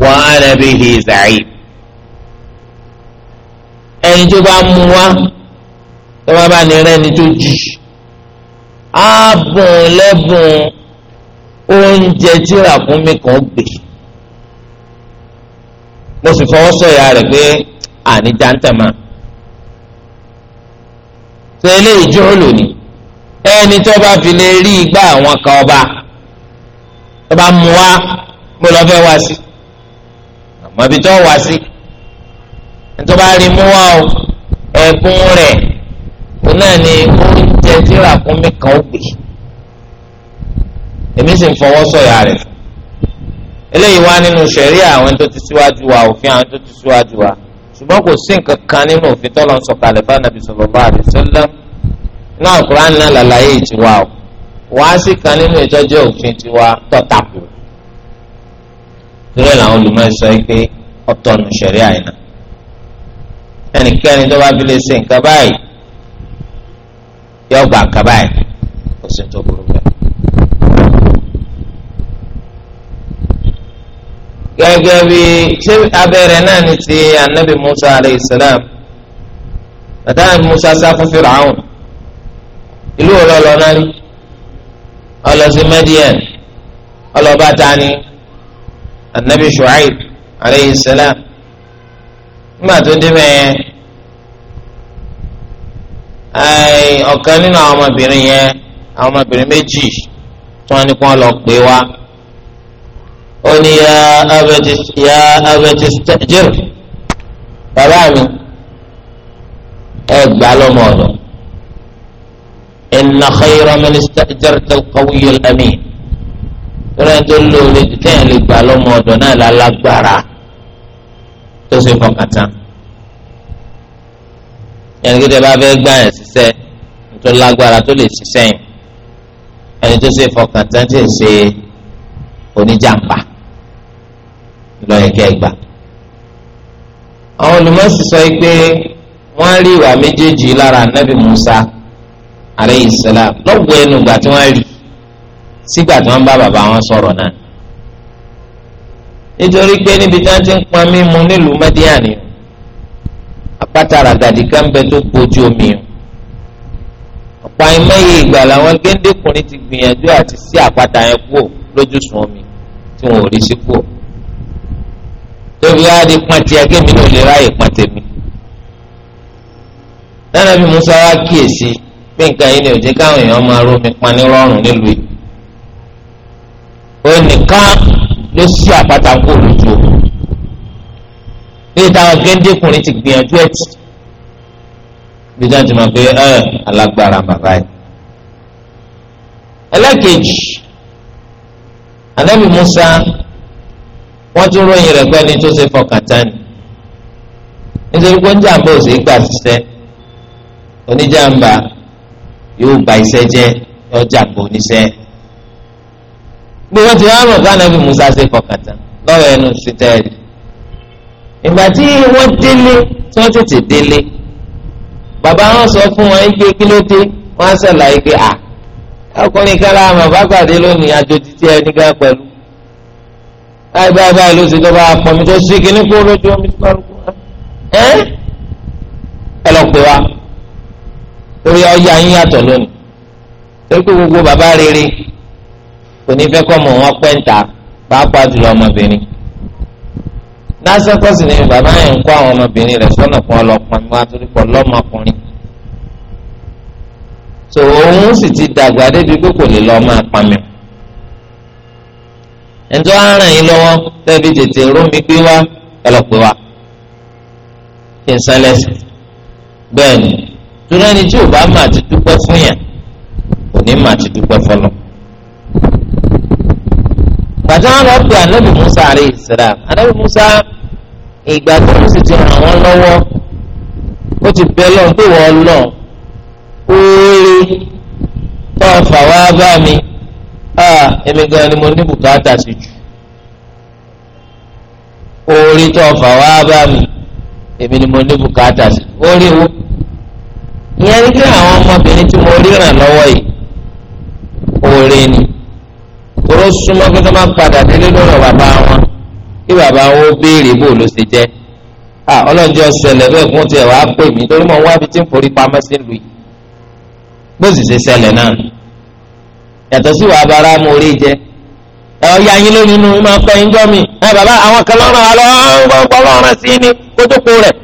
wa ana bihi ẹni tó bá mú wá tó bá bá ní rẹ́ni tó jì á bùn lẹ́bùn oúnjẹ tí ràkúnmí kan gbè mo sì fọwọ́ sọ̀yà rẹ̀ pé àní dáńtàmá ṣe eléyìí jọ́ lónìí ẹni tó bá fi lè rí igbá àwọn kan ọba tó bá mú wá mo lọ fẹ́ wá sí àmọ́ ibi tó wá sí ẹni tó bá rí mú wá o ẹ̀kún rẹ̀ òun náà ni oúnjẹ tí ràkúnmí kan gbè èmi sì ń fọwọ́ sọ̀yà rẹ̀ eléyìí wá nínú ṣẹ̀ríà àwọn tó ti síwájú wa òfin àwọn tó ti síwájú wa ṣùgbọ́n kò sí nǹkan kan nínú òfin tọ́lọ́ ń sọ̀kalẹ̀ bá nàbì sallallahu alaihi wasallam náà kúránì náà làlàyé ìtiwa o wàá sì kan nínú ìtọ́jú òfin tiwa tọ́tàkù torí làwọn olùmọ̀ọ́sọ pé ọ̀tọ̀nù ṣẹ̀ríà àyìnà ẹnikẹ́ni tó bá fi lè ṣe nǹkan báyìí yọ̀ọ̀gbà nǹkan kò sí tó burú bẹ́ẹ̀. gẹ́gẹ́ bí ṣé abẹ́rẹ́ náà ni ti anabi musa alayhi salam bàtà musa sá fún firaun ìlú wo lọlọ náà rí ọlọsí median ọlọba tani anabi shuaib alayhi salam nígbà tó débẹ̀ yẹn ọ̀kan nínú àwọn ọmọbìnrin yẹn àwọn ọmọbìnrin méjì tí wọ́n ní kí lọ pè wá ó ní ya abẹ́tí ya abẹ́tí stẹ́jìr bàbá mi ẹ gbà lọ́mọ ọ̀dọ̀ inna khayra man ista'jarta al-qawiyyu al-amin rẹ̀ tó lóore tẹ́yìn lè gbà lọ́mọ ọ̀dọ̀ náà lálágbára tó ṣe fọkàn tán yẹn kí tẹ bá fẹ́ gbà yẹn ṣiṣẹ́ tó lágbára tó lè ṣiṣẹ́ yẹn ẹni tó ṣe fọkàn tán ti ṣe oníjàmbá lọ́yẹ̀ kẹgbà. àwọn olùmọ̀sí sọ pé wọ́n rí ìwà méjèèjì lára anábì Musa aleyhi salam lọ́gbọ̀ọ́ ẹnu ìgbà tí wọ́n rí sígbà tí wọ́n bá bàbá wọn sọ̀rọ̀ náà nítorí pé níbi tí wọ́n ti ń pọn mímu nílùú mẹ́díàní apáta ràgàdì kan bẹ tó gbójú omi o ọ̀pọ̀ àìmọye ìgbà làwọn géńdékùnrin ti gbìyànjú àti sí àpáta yẹn kúò lójúsùn omi tí wọn ò rí sí kúò fi wá di pọn tiẹ̀ kémi ló lè ráyè pọn tèmi nana bí Musa wá kíyèsí pé nǹkan yìí ni ò jẹ́ káwọn èèyàn máa romi pọn ní rọrùn nílùú yìí ó nìkan ló ṣí àpáta kó lójú o bí táwọn géńdékùnrin ti gbìyànjú ẹ̀ tì bí táwọn ti máa pé ẹ alágbára bàbá yìí ẹlẹ́kejì anabi Musa wọ́n tún ròyìn rẹ̀ pẹ́ni tó ṣe fọkàn tán ni nítorí pé oníjàmbá ò sì gbà ṣiṣẹ́ oníjàmbá yóò ba iṣẹ́ jẹ́ ọjàmbá oníṣẹ́ bí wọ́n ti wá mọ̀ bá nàbí Musa ṣe fọkàn tán lọ́wọ́ ẹnu sítẹ́ẹ̀lì ìgbà tí wọ́n délé tí wọ́n tètè délé bàbá wọn sọ fún wọn ike kí ló dé wọn á ṣàlàyé pé à ọkùnrin kan láàmú bàbá gbàdé lónìí àjò títí ẹni gan pẹ̀lú báyìí báyìí báyìí ló ṣe tó bá pọ̀ mi tó ṣe kíní kó lójú omi tó bá rú ẹ́ ẹ lọ pè wá lórí ọjà yín yàtọ̀ lónìí torí pé gbogbo bàbá rere kò ní fẹ́ kọ́ mọ̀ wọ́n pẹ́ ń ta pàápàá jùlọ ọmọbìnrin lásán kọ́sì ni bàbá yẹn ń kọ́ àwọn ọmọbìnrin rẹ̀ sọ́nà kan ọlọ́pàá mi wá torí pọ̀ lọ́mọkùnrin tòun sì ti dàgbà débi pé kò lè lọ́ọ́ máa pamẹ́ ẹnitọ́ á ràn yín lọ́wọ́ tẹ́bi tètè rómi pé wá ẹlọ́pẹ́ wá kí n sálẹ̀sì bẹ́ẹ̀ ni torí ẹni tí ò bá mà ti dúpẹ́ fún yàn kò ní mà ti dúpẹ́ fọlọ́. bàtà wọn lọ pe anabi musa àrẹ ìsirà anabi musa ìgbà tó ń sì ti ràn wọn lọ́wọ́ ó ti bẹ lọ́n pé wọ́n lọ́n kó rí tó fà wá bá mi èmi gan ni mo ní bùkátà sí jù orí tó fà wá bá mi èmi ni mo ní bùkátà sí orí wo ìyẹn ní kí àwọn ọmọbìnrin tí mo rí ràn lọ́wọ́ yìí orí ni tóró súnmọ́ pé tó máa padà délé lọ́rọ̀ bàbá wọn kí bàbá wọn ó béèrè bó ló ṣe jẹ́ à ọlọ́njọ́ ṣẹlẹ̀ bẹ́ẹ̀ kún tiẹ̀ wàá pè mí torí mo wá ibi tí ń forí pamọ́ sí lu yìí bó sì ṣe ṣẹlẹ̀ náà yàtọ̀ sí wàá bára mu orí jẹ ẹ ọ̀yà yín lónìí nu máa pẹ́ yín jọ́ mi ẹ bàbá àwọn kan lọ́rùn àlọ́ ọ̀gbọ̀n lọ́rùn sí ni kótópó rẹ̀.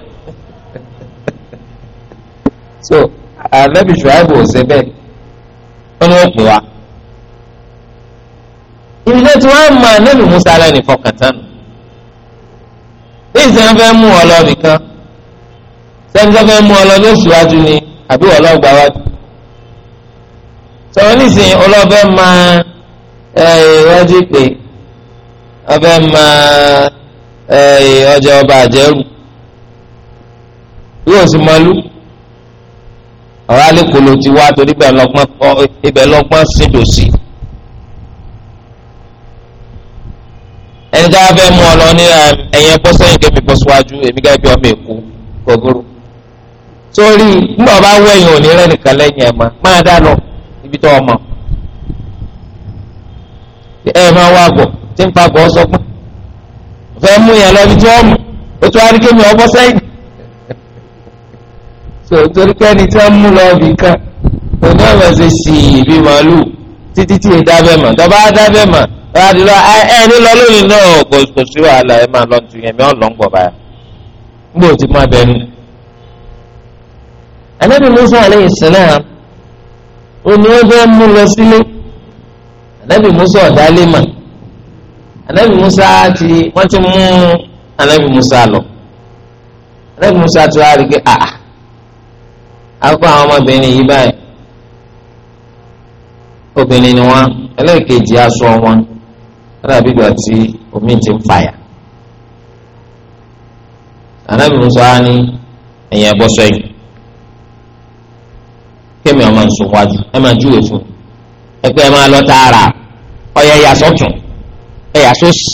so àbẹ́bí ṣùgbọ́n ò ṣe bẹ́ẹ̀ ó ní òpin wa. ìdílé tí wọ́n mọ anábì musa lẹ́nu ìfọkàntánu ní ìsìn fẹ́ mú ọ lọ nìkan sẹ́ni fẹ́ mú ọ lọ ní oṣù wájú ni àbí wọ́n lọ́ọ́ gbà wájú tọ́wọ́ nísìnyí ọlọ́bẹ̀ máa ìwádìí pé ọbẹ̀ máa ọjà ọba àjẹrù yóò sì mọ́lú ọ̀rọ̀ alẹ́kọ̀ọ́lọ́ ti wá torí ibẹ̀ lọ́gbọ́n síndòsí. ẹni tá a fẹ́ mú ọ lọ ní ẹ̀yìn ẹ̀pọ́ sẹ́yìn kẹ́mi bọ́ síwájú èmi gẹ́gẹ́ bí ọmọ èkó gbogbo. sórí nígbà bá wẹ̀yìn òní rẹ̀ nìkan lẹ́yìn ẹ̀ máa dáa lọ ibi tó ọmọ ẹ máa wá àgọ tí ń pa àgọ sọ pé fẹ́ mú yẹn lọ ibi tí wọ́n mú o tún arí kémi ọgbọ sẹ́yìn so torí kẹ́ni tí wọ́n mú lọ ibì kan òní ọ̀rọ̀ ṣe sì bí màálù títí tí ì dábẹ́ mà dọ́bà dábẹ́ mà ọ̀rọ̀ àdìlọ ẹ ní lọ lónìí náà kò kò sí wàhálà ẹ máa lọ ju yẹn mi ọ̀lọ́ ń gbọ̀ báyà ngbò tí mo abẹ́ nu. Ànábì Musa aleyhi salaam òní wọn fẹẹ mú lọ sílé anabi musa ọdálé mà anabi musa ti wọn ti mú anabi musa lọ anabi musa ti wá rí i pé àà ah, akọ ah, àwọn ọmọbìnrin yìí báyìí obìnrin ni wọn ẹlẹ́ẹ̀kejì aṣọ wọn rábì gbà tí omi ti ń fàyà anabi musa ni ẹ̀yìn ẹ̀bọ́sọ yìí. kémi ọmọ nsọ wájú ẹ máa júwe fún ẹ pé ẹ máa lọ tààrà ọyẹ ẹyà sọtún ẹyà sọsì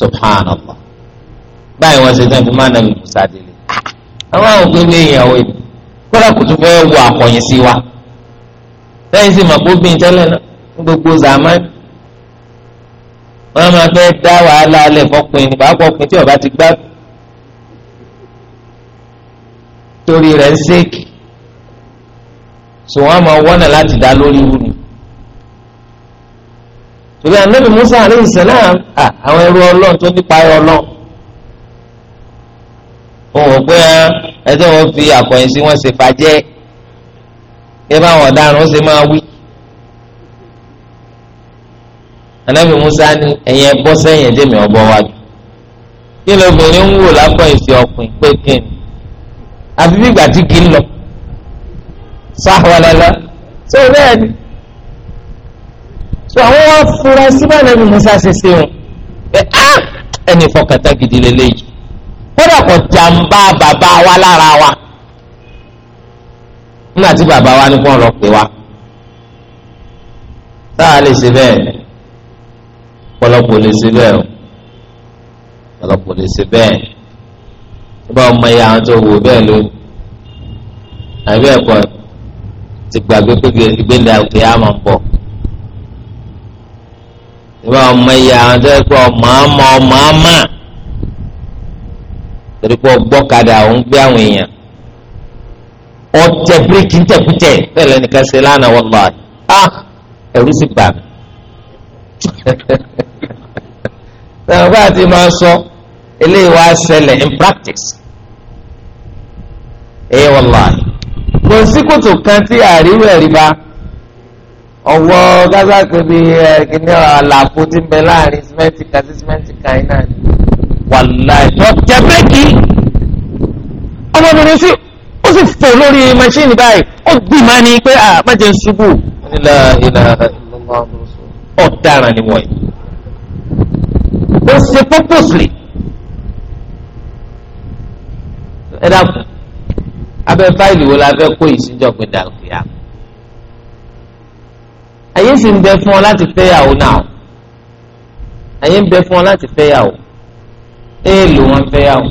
subhanallah báyìí wọn ṣe tán fún máa nàbí musa délé àwọn àwọn òkú ilé ìyàwó yìí kódà kò tún fẹ́ wọ àkọyìn sí wa lẹ́yìn sì máa gbóbin tẹ́lẹ̀ náà gbogbo zaman wọn máa fẹ́ dá wàhálà alẹ́ fọkùnrin nígbà fọkùnrin tí ọba ti gbádùn torí rẹ̀ ń ṣèkì so wọn máa wọnà láti dá lórí irú torí anabi musa aleyhi salam àwọn ẹrú ọlọ́run tó nípa ah, ẹ ọlọ́run òun ò pé ẹjọ́ wọn fi àkọyìn sí wọn ṣe fàjẹ́ yẹ báwọn ọ̀daràn ó ṣe máa wí anabi musa ni ẹ̀yẹn bọ́ sẹ́yìn ẹ̀jẹ̀ mi ọ̀bọ wájú kí lóbìnrin ń wò lápọ̀ ìsì ọ̀pìn pé kí ni àfi bí ìgbà tí kì í lọ sáwọlẹ́lẹ́ tó bẹ́ẹ̀ ni tó àwọn wá fura síbẹ̀ lẹ́nu musa ṣẹṣẹ o ẹ á ẹni fọkàtà gidi lélẹ́yìí kódà kò jàǹbá bàbá wa lára wa nígbà tí bàbá wa ní kó lọ pè wá táà lè ṣe bẹ́ẹ̀ pọ̀lọpọ̀ lè ṣe bẹ́ẹ̀ o pọ̀lọpọ̀ lè ṣe bẹ́ẹ̀ nígbà ọmọ ìyá àwọn tó wù bẹ́ẹ̀ ló àbí ẹ̀kọ́ ẹ̀ ti gbàgbé pé ìgbélé àwùjọ yà máa ń bọ̀. ìwà ọmọ ìyá àwọn tó yẹ kó ọmọ àmọ́ ọmọ àmọ́ torí pé ọgbọ́kadà òun gbé àwọn èèyàn ọtẹ bíríkì ńtẹkùtẹ tẹlẹ nìkan ṣe lánàá wọn lọ à ẹrú sì gbà mí. sọ̀rọ̀ bá ti máa sọ eléyìí wá ṣẹlẹ̀ in practice. ẹ wọ́n lọ́ọ̀ kò sí kòtò kan tí àríwá ẹ̀rí bá ọwọ́ gaza pé bí kíní àlàfo ti ń bẹ láàrin símẹ́ǹtì kan sí símẹ́ǹtì kan iná ni wàláì lọ tẹ bírèkì ọmọbìnrin sí ó sì fò lórí mẹṣíìnì báyìí ó gbì máa ní pé à má jẹ ṣubú. nílà ìlà ọ̀daràn ni wọ́n ó ṣe purposely ẹ dàgbà abẹ́ fáìlì wo la fẹ́ kó ìsíjọ́ pé dàlùkìyà. àyè sì ń bẹ fún ọ láti fẹ́yàwó náà àyè ń bẹ fún ọ láti fẹ́yàwó èèlò wọn fẹ́yàwó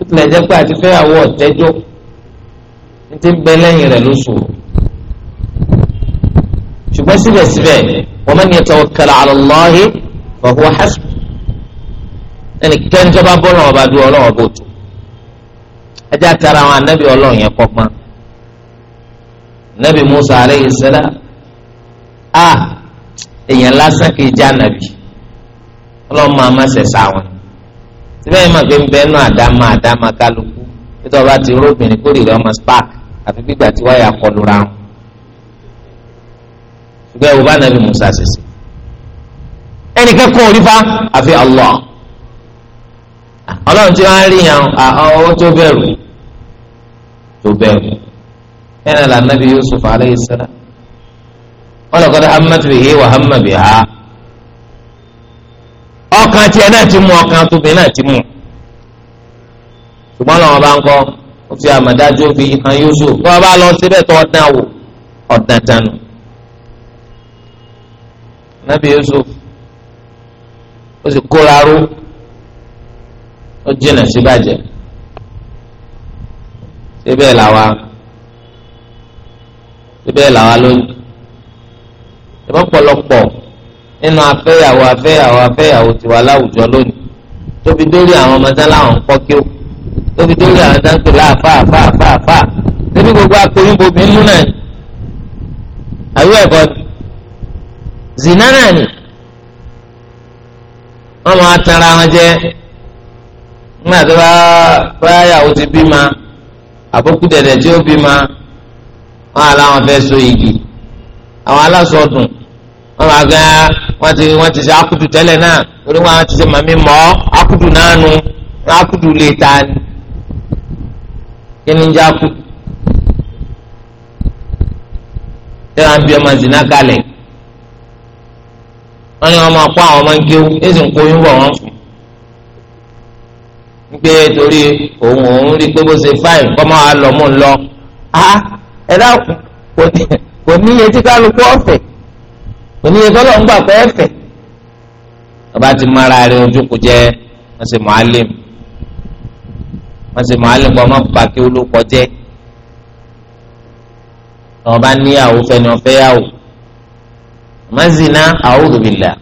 ó tilẹ̀ jẹ́ pé àti fẹ́yàwó ọ̀tẹ́jọ́ ní ti ń bẹ lẹ́yìn rẹ̀ lóṣù ṣùgbọ́n síbẹ̀síbẹ̀ wa man yatawakkal ala Allahi fa huwa hasbuh ẹnikẹ́ni tó bá bọ́ ọ̀rọ̀ ọba dúró ọlọ́wọ́ bó tó ẹjẹ àtàrà àwọn anábì ọlọ́run yẹn kọ́gbọ́n anábì Musa aleyhi salam a èèyàn lásán kì í jẹ́ anábì ọlọ́run máa má ṣẹ̀ṣẹ̀ àwọn síbẹ̀ yìí máa gbé ń bẹ́ẹ̀ nù àdámà àdámà kálukú nítorí ọba ti róbìnrin kórìíra ọmọ spark àfi gbígbà tí wáyà kọlu ra wọn ṣùgbọ́n ẹ̀ wò bá anábì Musa ṣẹṣẹ ẹnì kẹ́kọ̀ọ́ orí àfi Allah. ọlọ́run tí wọ́n rí yàn ó tó bẹ̀rù tó bẹ̀rù ẹnna la nabi yusuf aleyhi ọlọ́kọ̀dá hamad bihi wa hamad biha ọkàn tiẹ̀ náà ti mú ọkàn tóbi náà ti mú ṣùgbọ́n làwọn bá ń kọ́ ó fi yusuf bá lọ síbẹ̀ tó ọ̀dàn nabi yusuf ó sì ó jìnnà sí bàjẹ́ síbẹ̀ làwa síbẹ̀ làwa lónìí ìbọ̀pọ̀lọpọ̀ nínú afẹ́yàwó afẹ́yàwó afẹ́yàwó tiwa láwùjọ lónìí tóbi dórí àwọn ọmọdé láwọn ń kọ́ kí ó tóbi dórí àwọn ọmọdé ń láàfà àfà àfà àfà débi gbogbo akóyúnbobi ń mú náà ni ẹ̀kọ́ zina náà ni wọ́n máa tara wọn jẹ́ nígbà tó bá báyàwó ti ma àbókù dẹ̀dẹ̀ tí ó bi wọn aláwọn fẹ́ so igi àwọn aláṣọdùn wọn máa gán wọn ti wọn ti ṣe akudu tẹ́lẹ̀ náà torí wọn ti ṣe màmí mọ́ náà nu lè ta ni kí ni jẹ́ akudu tẹ́lá ọmọ zina kalẹ̀ máa kó àwọn ọmọ ń kéwú bọ̀ pé torí òun òun rí pé bó ṣe fáìn kọ́mọ́ á lọ mọ́ ń lọ. ẹ dákun kò níye tí kálukú ọ̀fẹ́ kò níye tọ́lọ̀ ń gbà pé ẹ̀fẹ́. bàbá ti mọ ara rẹ ojú kò jẹ́ wọ́n ṣe mọ́álẹ́m wọ́n ṣe mọ́álẹ́m kọ́ ọmọ bàbá kí olókọ jẹ́ àwọn bá níyàwó fẹ́ni ọ̀fẹ́ yàwó mazina a'udhu billah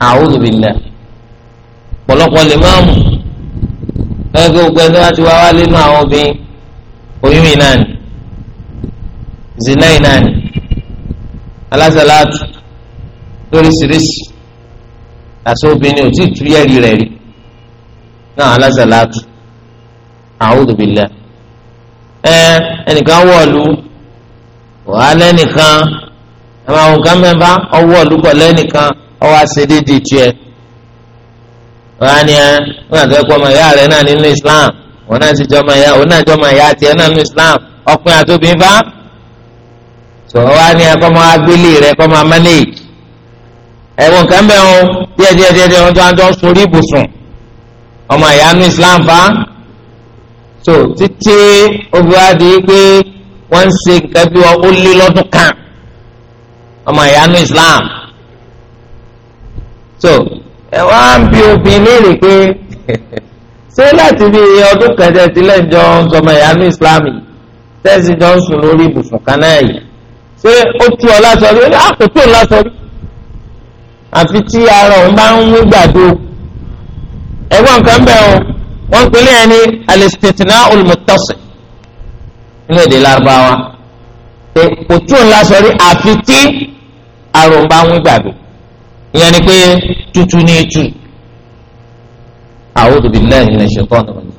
a'udhu billah ọ̀pọ̀lọpọ̀ lè máa mú ẹgbẹ́ gbogbo ẹni wá ti wá wá nínú àwọn obìnrin oyún yìí náà ni zinai náà ni alásàlátù lóríṣiríṣi àti obìnrin ò tí ì túyẹ̀rì rẹ̀ rí náà alásàlátù a'udhu billah ẹ ẹnìkan wọ̀ọ̀lù wàhálà ẹnìkan ẹ máa wọn kàn mẹ́ba ọwọ́ọ̀lù kọ̀ lẹ́nìkan ọwọ́ àṣẹ déédéé tiẹ̀. wọn á ní ẹ wọn àti ẹkọ ọmọ ìyá rẹ náà nínú islam wọn náà sì jọmọ ìyá òun náà ìyá náà nínú islam ọkùnrin àti obìnrin bá tó wọn á ní ẹkọ agbélé rẹ ẹkọ ọmọ amánéèjì ẹwọn kan bẹ wọn díẹ̀ díẹ̀ díẹ̀ díẹ̀ wọn tó ibùsùn ọmọ ìyá nínú islam bá tó títí obìnrin pé wọn ń se nǹkan bí wọn ó lé lọ́dún kan ọmọ ìyá nínú islam So, ẹ wá ń bi obìnrin léèrè pé ṣé láti bí ọdún kẹjẹ sílẹ̀ jọ ń sọmọ ẹ̀yà ní Islam yìí tẹ́sí jọ ń sùn lórí ibùsùn kan náà yìí ṣé ó tú ọ lásán rí ó kò tó lásán rí àfi tí ara òun bá ń wí gbàdo ẹ̀gbọ́n nǹkan bẹ́ẹ̀ o wọ́n ń pinnu ẹni al-istithna'ul muttasil èdè Lárúbáwá kò tó lásán rí àfi tí ara òun bá ń wí gbàdo ìyẹn ni pé tútù ní etú a'udhu billahi minash shaitani rajim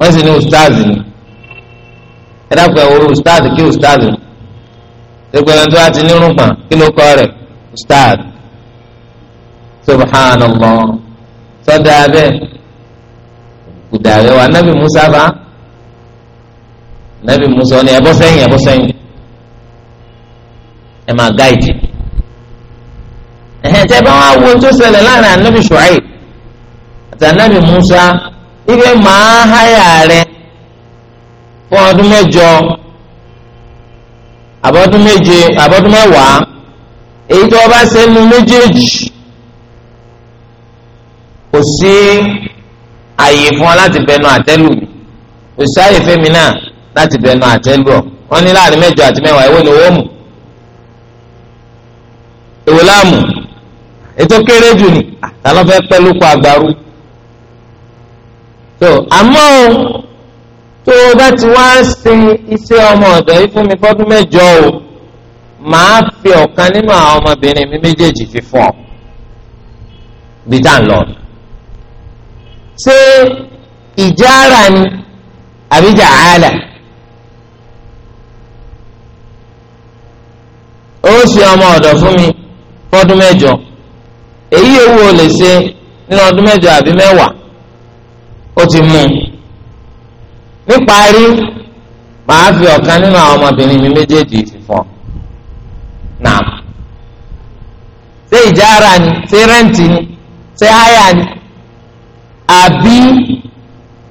wọ́n sì ní ustaazi ni ẹ dákun ẹ̀ wọ́n ustaazi kí ustaazi gbogbo ẹni tó bá ti nírun pọ̀n kí ló kọ́ rẹ̀ ustaazi subhanallah sọ́dọ̀ abẹ́ kùdà rẹ̀ wà nábì musa bá nábì musa ni ẹ bọ́ sẹ́yìn ẹ bọ́ sẹ́yìn ẹ máa gáìdì ẹ̀hẹ́n tẹ́ bá wá wo tó ṣẹlẹ̀ láàrin anabi shuaib àti anabi musa ibi máa háyà rẹ fún ọdún mẹ́jọ àbọ̀dún méje àbọ̀dún mẹ́wàá èyí tó bá ṣe nu méjèèjì kò sí àyè fún ọ láti bẹnu àtẹ́lù kò sí àyè fẹ́mi náà láti bẹnu àtẹ́lù ọ wọ́n ní láàrin mẹ́jọ àti mẹ́wàá èwo ni wọ́n mú èwo láàmú ètò kéré jù ní àtàlọ́fẹ́ pẹ̀lú kọ àgbàrú. tó àmọ́ o tó o bá ti wá ṣe iṣẹ́ ọmọ ọ̀dọ́ yìí fún mi fọ́dún mẹ́jọ o màá fi ọ̀kan nínú àwọn ọmọbìnrin mi méjèèjì fi fún ọ bí tá à ń lọ. ṣé ìjára ni àbí jàhálà ó ṣe ọmọ ọ̀dọ̀ fún mi fọ́dún mẹ́jọ èyí ewu ò lè ṣe nínú ọdún mẹ́jọ àbí mẹ́wàá o ti mú un níparí màá fi ọ̀kan nínú àwọn ọmọbìnrin mi méjèèjì fífọ́ náà ṣé ìjára ni ṣé rẹ́ǹtì ni ṣé háyà ni àbí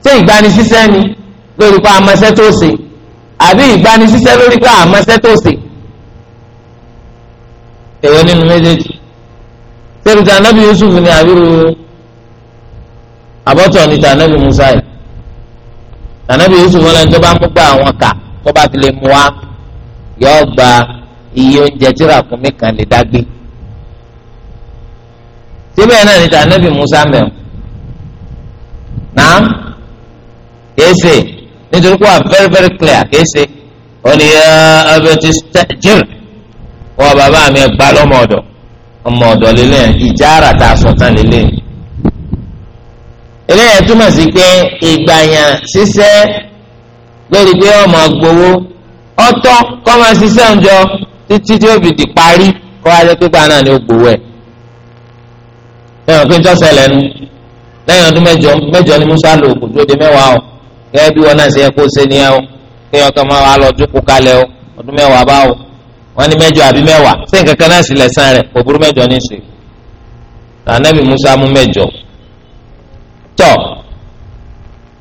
ṣé ìgbanisíṣẹ́ ni lórí pa àmọ́ṣẹ́ tó ṣe àbí ìgbanisíṣẹ́ lórí pa àmọ́ṣẹ́ tó ṣe èyí nínú méjèèjì tẹ́lu ti anabi yusuf ni abiru abọ́tọ̀ ni ti anabi musa yìí anabi yusuf wọn lẹ́nu tó bá mú gbà àwọn kà tó bá ti lè mú wa yóò gba iye oúnjẹ tí ràkúnmí kan lè dágbé síbẹ̀ náà ni ti anabi musa mẹ́wọ̀n naam kéésè nítorí kó wà very very clear kéésè ó ní abẹ́tí stẹ́jìr wọ́n bàbá mi gbà lọ́mọ ọmọ ọ̀dọ̀ lélẹ̀ ìjára tá a sọ tán lélẹ̀ eléyà túmọ̀ sí pé ìgbàyàn ṣiṣẹ́ lórí pé ọmọ gbowó ọ̀tọ̀ kọ́ máa ṣiṣẹ́ ọjọ́ títí tí ó fi di parí kọ́ adé pípa náà ni ó gbowó ẹ̀ lẹ́yìn pé tọ́sẹ̀ lẹ́nu lẹ́yìn ọdún mẹ́jọ mẹ́jọ ni musa lò kò tó de mẹ́wàá o gẹ́gẹ́ bí wọn náà ṣe yẹ kó ṣe nìyẹn o kéèyàn kan máa wà lọ jókòó kalẹ̀ o ọdún mẹ́wàá báwo wọ́n ní mẹ́jọ àbí mẹ́wàá ṣé nǹkan kan náà sì lẹ̀san rẹ̀ kò burú mẹ́jọ ní sè ànábì Musa mú mẹ́jọ tọ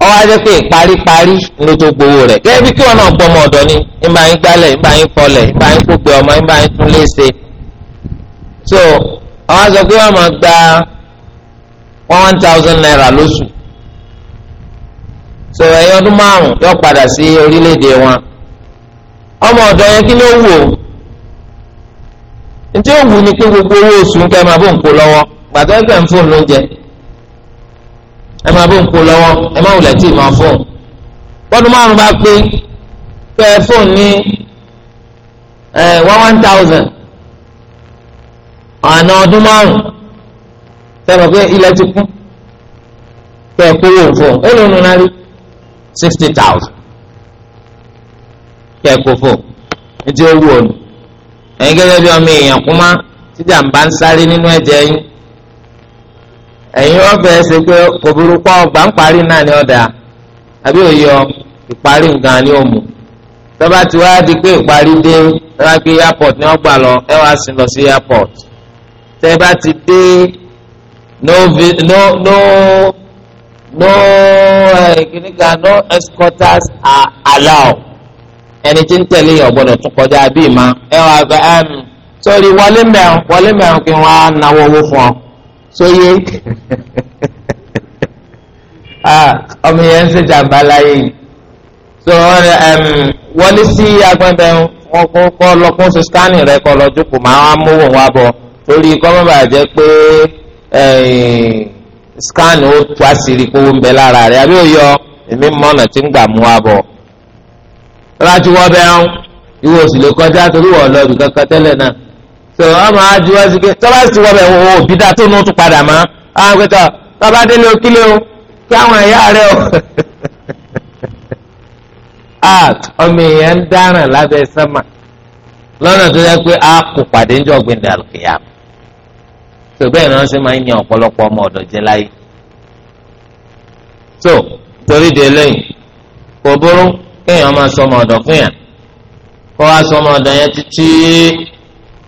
ọ wá jẹ́ pé paríparí ló tó gbowó rẹ̀ gẹ́gẹ́ bí kí wọ́n náà gbọmọ ọ̀dọ́ ni ìmọ̀ àyín gbálẹ̀ ìmọ̀ àyín fọlẹ̀ ìmọ̀ àyín kógbé ọmọ ìmọ̀ àyín tún léṣe so ọ wá sọ pé wọ́n máa gba one thousand naira lóṣù so ẹ̀yìn ọdún márùn-ún yóò padà sí orílẹ̀ wọn ọmọ ọ̀dọ́ yẹn kí ló wù ó ntí ó ni ní pé gbogbo owó oṣù ń kẹ́ máa bó ń kó lọ́wọ́ gbàtọ́ ẹgbẹ́ ń fóònù lóúnjẹ ẹ máa bó ń kó ẹ máa wùlẹ̀ tí ì máa fóònù bọ́dún márùn bá pé pé ẹ fóònù ní one one thousand ọ̀nà ọdún márùn-ún tẹ́lẹ̀ pé ilẹ̀ ti kú pé ẹ kówó fóònù ó lè náà rí sixty thousand kẹ́ ẹ kó fóònù ntí ó wù ọ́ ẹ̀yin gẹ́gẹ́ bí ọmọ èèyàn kú má tíjà ń ń sáré nínú ẹ̀jẹ̀ yín ẹ̀yin wọ́n fẹ́ ṣe pé kò burúkú ọgbà ń parí náà ní ọ̀dà àbí òye ọ ìparí nǹkan ni ó mú tọ́ba ti wá di pé ìparí dé tọ́ba gbé airport ní ọgbà lọ ẹ wá sí lọ sí airport ti dé no no no no ẹ̀ eh, kìnnìkan no escorters are allowed. ẹni tí ń tẹ̀lé yẹn ọ̀gbọ́dọ̀ tún kọjá ma ẹ wá gbẹ ẹ m sórí wọlé mẹ́rin wọlé mẹ́rin kí wọ́n á náwó owó fún ọ sóyè ah, ọmọ yẹn ń so wọlé sí wọn kọ́ lọ́kún scanning rẹ kọ́ lọ́ọ́ jókòó máa wá mówó wá bọ̀ torí kọ́mọ́bà jẹ́ pé scan ó tú àṣírí kówó ń bẹ lára rẹ àbí òye ọ tọ́ba ti wọ́ bẹ́ẹ̀ ń lè kọjá torí wọ́n lọ ibì kankan tẹ́lẹ̀ náà tó wọ́n máa ju wọ́n sí pé tọ́ba ti wọ́ bẹ́ẹ̀ wọ́n òbí dá tún padà mọ́ àwọn akẹ́kọ̀ọ́ tọ́ba délé okílẹ̀ o kí àwọn ẹ̀yà rẹ o. Ah, ọmọ èèyàn ń dáràn lábẹ́ sẹ́mà lọ́nà pé a kò pàdé gbẹ̀ndẹ̀ àlùkìyà tó bẹ́ẹ̀ náà ṣe máa ń yan ọ̀pọ̀lọpọ̀ ọmọ ọ̀dọ̀ jẹ láyé. so torí de lẹ́yìn kò burú kéèyàn máa sọ ọmọ ọ̀dọ̀ fún yàn kó wá sọ ọmọ ọ̀dọ̀ yẹn títí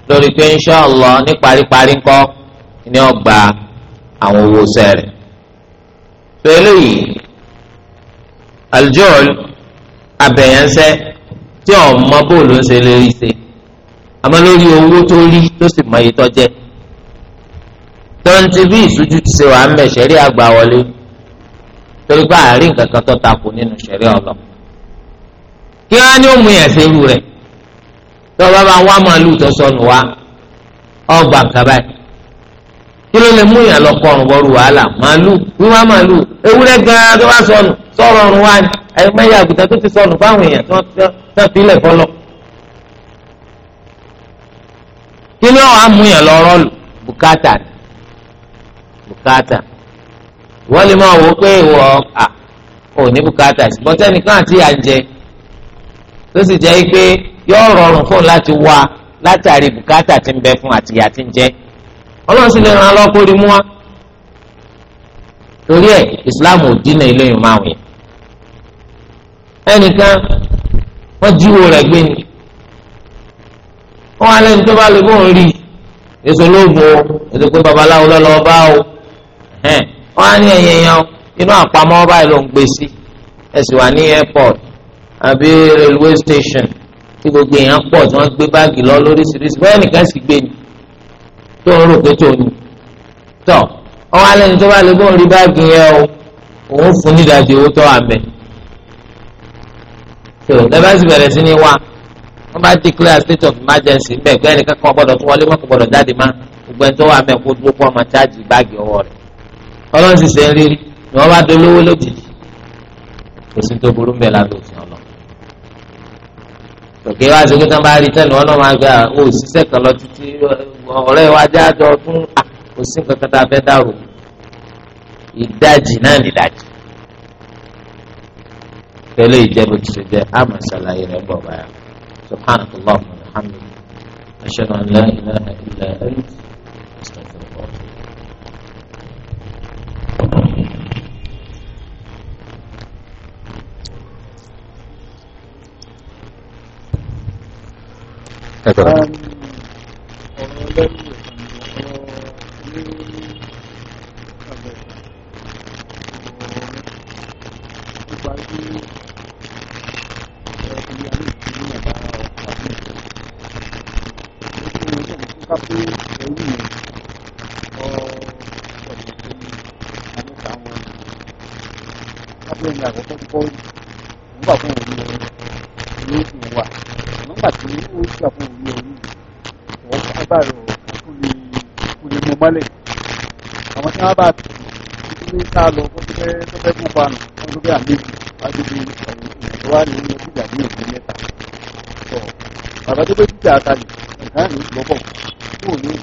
lórí pé inṣọ́ọ̀lọ́ ní paríparí ńkọ́ ni ó gba àwọn owó sẹ́rẹ̀. tó eléyìí aljọ́ọ̀l abẹ̀yẹnsẹ́ tí ọ̀mọ bóòlù ń ṣe lérí ṣe àmọ́ lórí owó tó rí tó sì mọ iye tó jẹ́ tọ́ntì bí ìṣújú ti ṣe wà ń bẹ̀ àgbà wọlé torí pé àárín kankan tó takò nínú ṣẹ̀rí ọlọ́mọ. kí wọn á ní òmù yẹn ṣe irú rẹ̀ tí wọn bá bá tó sọnù wa ọgbà kaba yìí kí ló lè mú yàn lọ kọrùn wọrù wàhálà màálù wíwá màálù ewúrẹ́ gan tó bá sọnù sọ̀rọ̀ ọrùn wá ní ẹgbẹ́ yà àgùtà tó ti sọnù fáwọn èèyàn tó fọlọ. kí lọ bùkátà bùkátà wọ́n lè máa wò ó pé ìwọ ò ní bùkátà ṣùgbọ́n sẹ́nìkan àti tó sì jẹ́ pé yóò rọrùn fún un láti wá látàrí bùkátà tí ń bẹ fún àtìyà tí ń jẹ ọlọ́run sì lè ràn án lọ́wọ́ kó rí mú wa torí ẹ̀ islam ò dínà eléyìí máa wìn ẹnìkan wọ́n jíwò rẹ̀ gbé ni wọ́n alẹ́ ní tó bá lè bóun rí èso lóògùn o èso pé babaláwo lọ́lọ́ọ́ bá o wọ́n á ní ẹ̀yẹ̀yàn inú àpamọ́ báyìí ló ń gbé sí ẹ̀ sì wà ní airport àbí railway station tí gbogbo èèyàn pọ̀ tí wọ́n gbé báàgì lọ lóríṣiríṣi bóyá nìkan sì gbé ni tó ń rò pé tó ni tọ́ ọwọ́ alẹ́ ni tó bá lè bóun rí báàgì yẹn o òun fún nídàájọ́ owó tó wà mẹ́ tó lẹ́bàá sì bẹ̀rẹ̀ sí ní wá wọ́n bá declare state of emergency mbẹ́ gbẹ́ ẹnì kankan gbọ́dọ̀ tó wọlé mọ́kò gbọ́dọ̀ jáde má gbogbo ẹni tó wà mẹ́ kó dúró kó ọmọ chájì báàgì ọwọ́ rẹ̀ ọlọ́run sì ṣe ń rírí ni wọ́n bá dolówó lójijì kò sí tó burú mbẹ́ lábẹ́ òfin ọ òkè wá sí pé tí wọ́n bá rí tẹ́lẹ̀ wọn náà máa gbà ó ṣiṣẹ́ kan lọ títí ọ̀rẹ́ wa já jọ fún òsín kankan tá a fẹ́ dàrú ìdajì náà nìdajì pẹ̀lú ìjẹ́bù tó ṣe jẹ́ àmọ̀ ṣàlàyé rẹ̀ bọ̀ báyà subhanahu wa ta'ala alhamdulilayi ashhadu an la ilaha illa anta. ẹ̀kọ́ Thank you nígbà tí ó gbà fún òye ọ̀run ìwọ̀n agbára kó lè kó lè mú mọ́lẹ̀ àwọn tí wọ́n bá tù ú ní ká lọ kó tó fẹ́ tó fẹ́ kó pa nù wọ́n tó fẹ́ àmẹ́jì wájú bí ọ̀rọ̀ wá ní ilé ìjà ní òkè mẹ́ta tọ̀ bàbá tó fẹ́ jíjà àtàlẹ̀ ẹ̀ka ní lọ́bọ̀ tó ní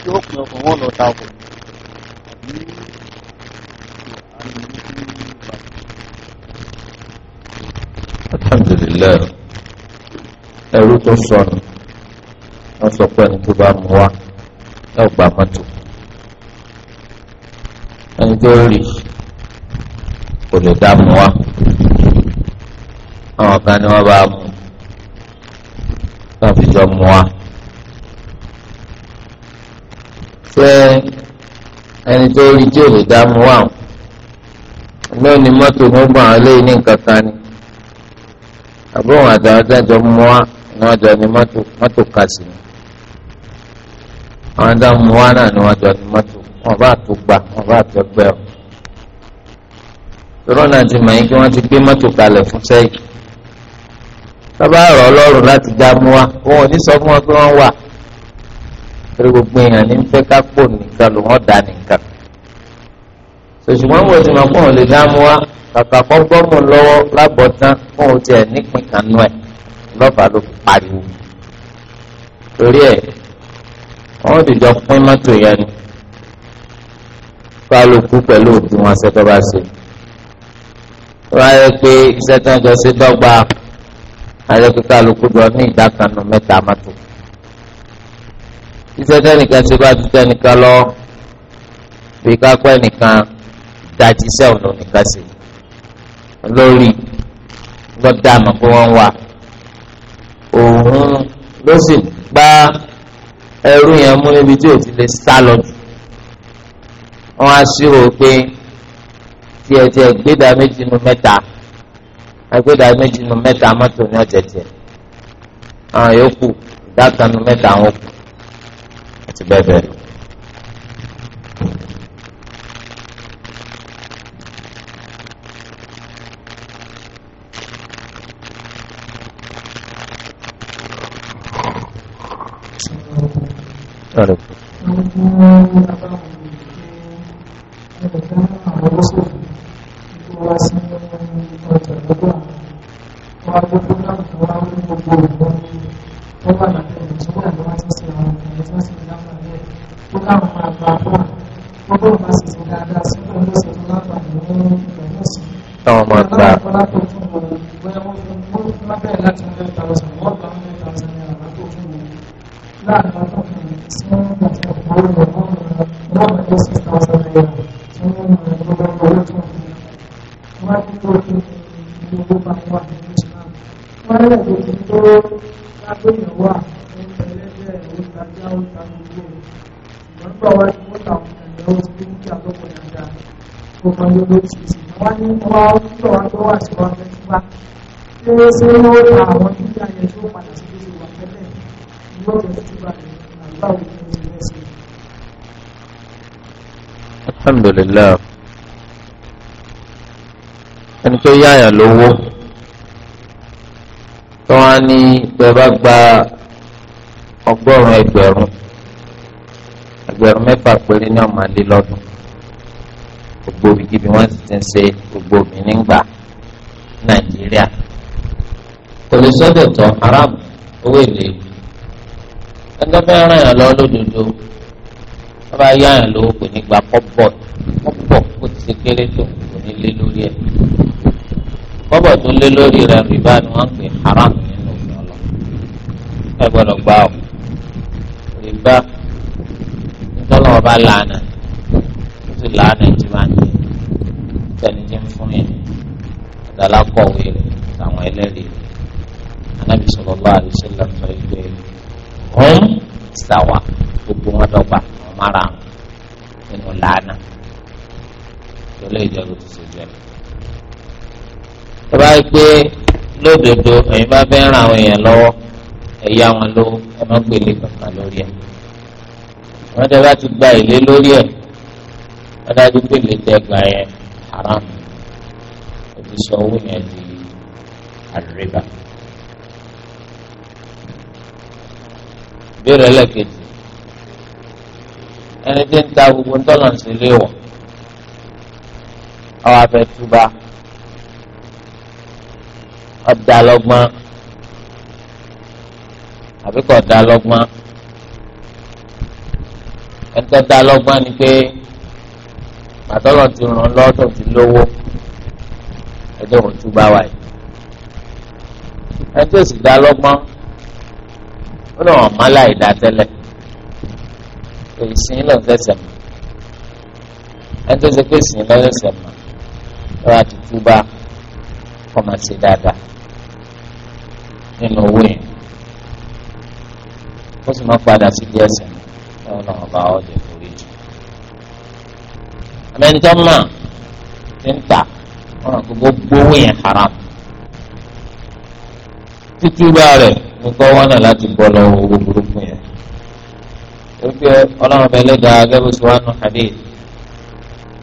tí ó pin ọkàn wọn lọ ta ọkọ̀ ní Alhamdulillah ẹrú tó sọnù wọ́n sọ pé ẹni tó bá mú wa ẹ ò gbà mọ́tò ẹni tó rì kò lè dá mú wa àwọn kan ni wọ́n bá mú wọ́n fi jọ mú wa ṣé ẹni tó rì tí ò lè dá mú wa lónìí mọ́tò gbọ́ngbọ́n àwọn eléyìí ní nǹkan kan ni àbúrò àtàwọn tẹ́jọ́ mú wa wọ́n jọ ní mọ́tò mọ́tò kàṣì ni àwọn dáhùn mú wá náà ni wọ́n jọ ní mọ́tò wọ́n bá tó gbà wọ́n bá tó gbẹ ọ. tọ́lọ́ náà ti mọ̀ yín kí wọ́n ti gbé mọ́tò kalẹ̀ fún sẹ́yìn tọ́ba rọ̀ ọlọ́run láti já mú wa òun ò ní sọ fún wọn pé wọ́n wà pé gbogbo èèyàn ní fẹ́ ká pò nìkan ló wọ́n dà nìkan. sòṣùgbọ́n mo ti mọ̀ pé òun lè dá mú wa kàkà kọ́ mọ̀ lọ́wọ́ lábọ̀ tán fún òun tiẹ̀ nípìn kanú ẹ̀ lọ́fà ló fi pariwo torí ẹ̀ wọ́n ti jọ pín mọ́tò yẹn ni kálukú pẹ̀lú òbí wọn ṣe tó bá ṣe wáyé pé iṣẹ́ tí wọ́n jọ ṣe dọ́gba ayé pé kálukú jọ ní ìdákanu mẹ́ta mọ́tò iṣẹ́ tẹ́nìkan ṣe bá ti tẹ́nìkan lọ bí kápẹ́ nìkan dájí sẹ́wọ̀n lónìí ṣe lórí lọ́dà mọ̀ pé wọ́n wà òun ló sì gbá ẹrú yẹn mú níbi tí ò ti lè sá lọ jù wọn á ṣírò pé tiẹ̀ tiẹ̀ gbéda méjì nu mẹ́ta agbéda méjì nu mẹ́ta mọ́tò ní ọ̀jẹ̀ tiẹ̀ àwọn yòókù ìdá kan nu mẹ́ta wọn kù àti bẹ́ẹ̀ bẹ́ẹ̀ lọ. Hare Krishna pé ṣé ó ta àwọn dúkìá yẹn tí ó padà sí oṣù wà tẹ́lẹ̀ ní ọ̀jọ̀ tó gbà ní àgbà òkú ti rẹ̀ sí. ẹni tó yáyà lówó tó wá ní bẹ́ẹ̀ gba ọgọ́rùn-ún ẹgbẹ̀rún ẹgbẹ̀rún péré ní ọmọ àlè lọ́dún gbogbo ibi wọn ti ń ṣe gbogbo mi nígbà. èlé sọ́dọ̀ tọ́ haram owó èlé ẹgbẹ́ fẹ́ ràn yàn lọ lódodo wọ́n bá yá yàn lówó kò ní gba kọ́bọ̀ kọ́bọ̀ kó ti ṣe kéré tó kò ní lé lórí ẹ̀ kọ́bọ̀ tó lé lórí rẹ̀ rìbá ni wọ́n pè haram nínú òfin ọlọ́ ẹ gbọ́dọ̀ gbá ọ rìbá nítorí wọn bá lànà tẹ́lẹ̀ ìjẹ́bù ti ṣe jẹ́. tọ́ba yìí pé lódodo ẹ̀yin bá fẹ́ ràn àwọn èèyàn lọ́wọ́ ẹ̀yà wọn ló ẹ má gbélé kankan lórí ẹ̀. wọ́n tẹ́ bá ti gba èlé lórí ẹ̀ wọ́n dájú pé lè tẹ́ gba ẹ̀ haram òtí sọ owó yẹn di àríbá. ìbéèrè ẹlẹ́kejì ẹni tí ń ta gbogbo ń tọ́nà sí ilé wọ̀ àwọn afẹ́túbà ọ̀dà lọ́gbọ́n àbíkọ̀ ọ̀dà lọ́gbọ́n ẹ̀ńtọ́ dá lọ́gbọ́n ni pé pàtọ́lọ̀ ti ràn lọ́tọ̀ ti lówó ẹjọ́ kò túbà wáyé ẹjọ́ sì dá lọ́gbọ́n ó lọ́wọ́ mọ́lá ìdá tẹ́lẹ̀ èyí sìn lọ́n fẹsẹ̀ mọ́ ẹjọ́ sì pé sìn lọ́n fẹsẹ̀ mọ́ lọ́wọ́ ti túbà kọ́ máa ṣe dáadáa nínú owó yẹn ó sì máa padà sí díẹ̀ sẹ́yìn lọ́wọ́ náà bá ọ̀jẹ̀ lórí jù. àmẹ́ńtọ́ máa ti ń tà wọn àti gbogbo owó yẹn haram títúbà rẹ̀ nígbà wọn náà láti bọ́ lọ́wọ́ owó burúkú yẹn wípé ọlọ́run bẹ́ẹ̀ lé dáa gẹ́gẹ́ bí sùwọ́n nù hadith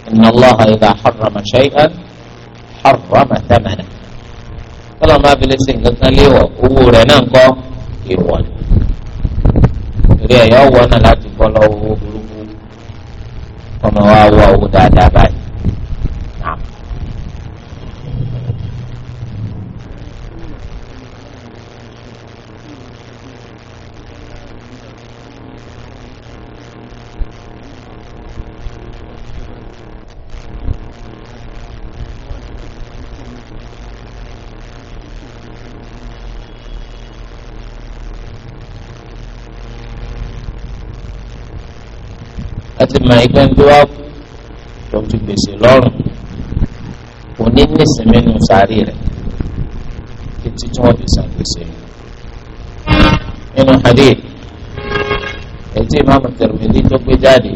inna Allah idha harrama Afọ thamana tọ́lọ̀ máa fi lè ṣe nǹkan kan léwọ̀ owó rẹ̀ náà kọ́ ìwọ̀ ni torí ẹ̀yọ́ wọ̀ náà láti bọ́ lọ́wọ́ máa ń gbẹ́ńdé wá tó fi gbèsè lọ́rùn kò ní ní nísìnyí nù sáré rẹ̀ títí tí wọ́n fi san gbèsè rẹ̀. nínú hadith ètí ìmáàmù Tirmidhi tó gbé jáde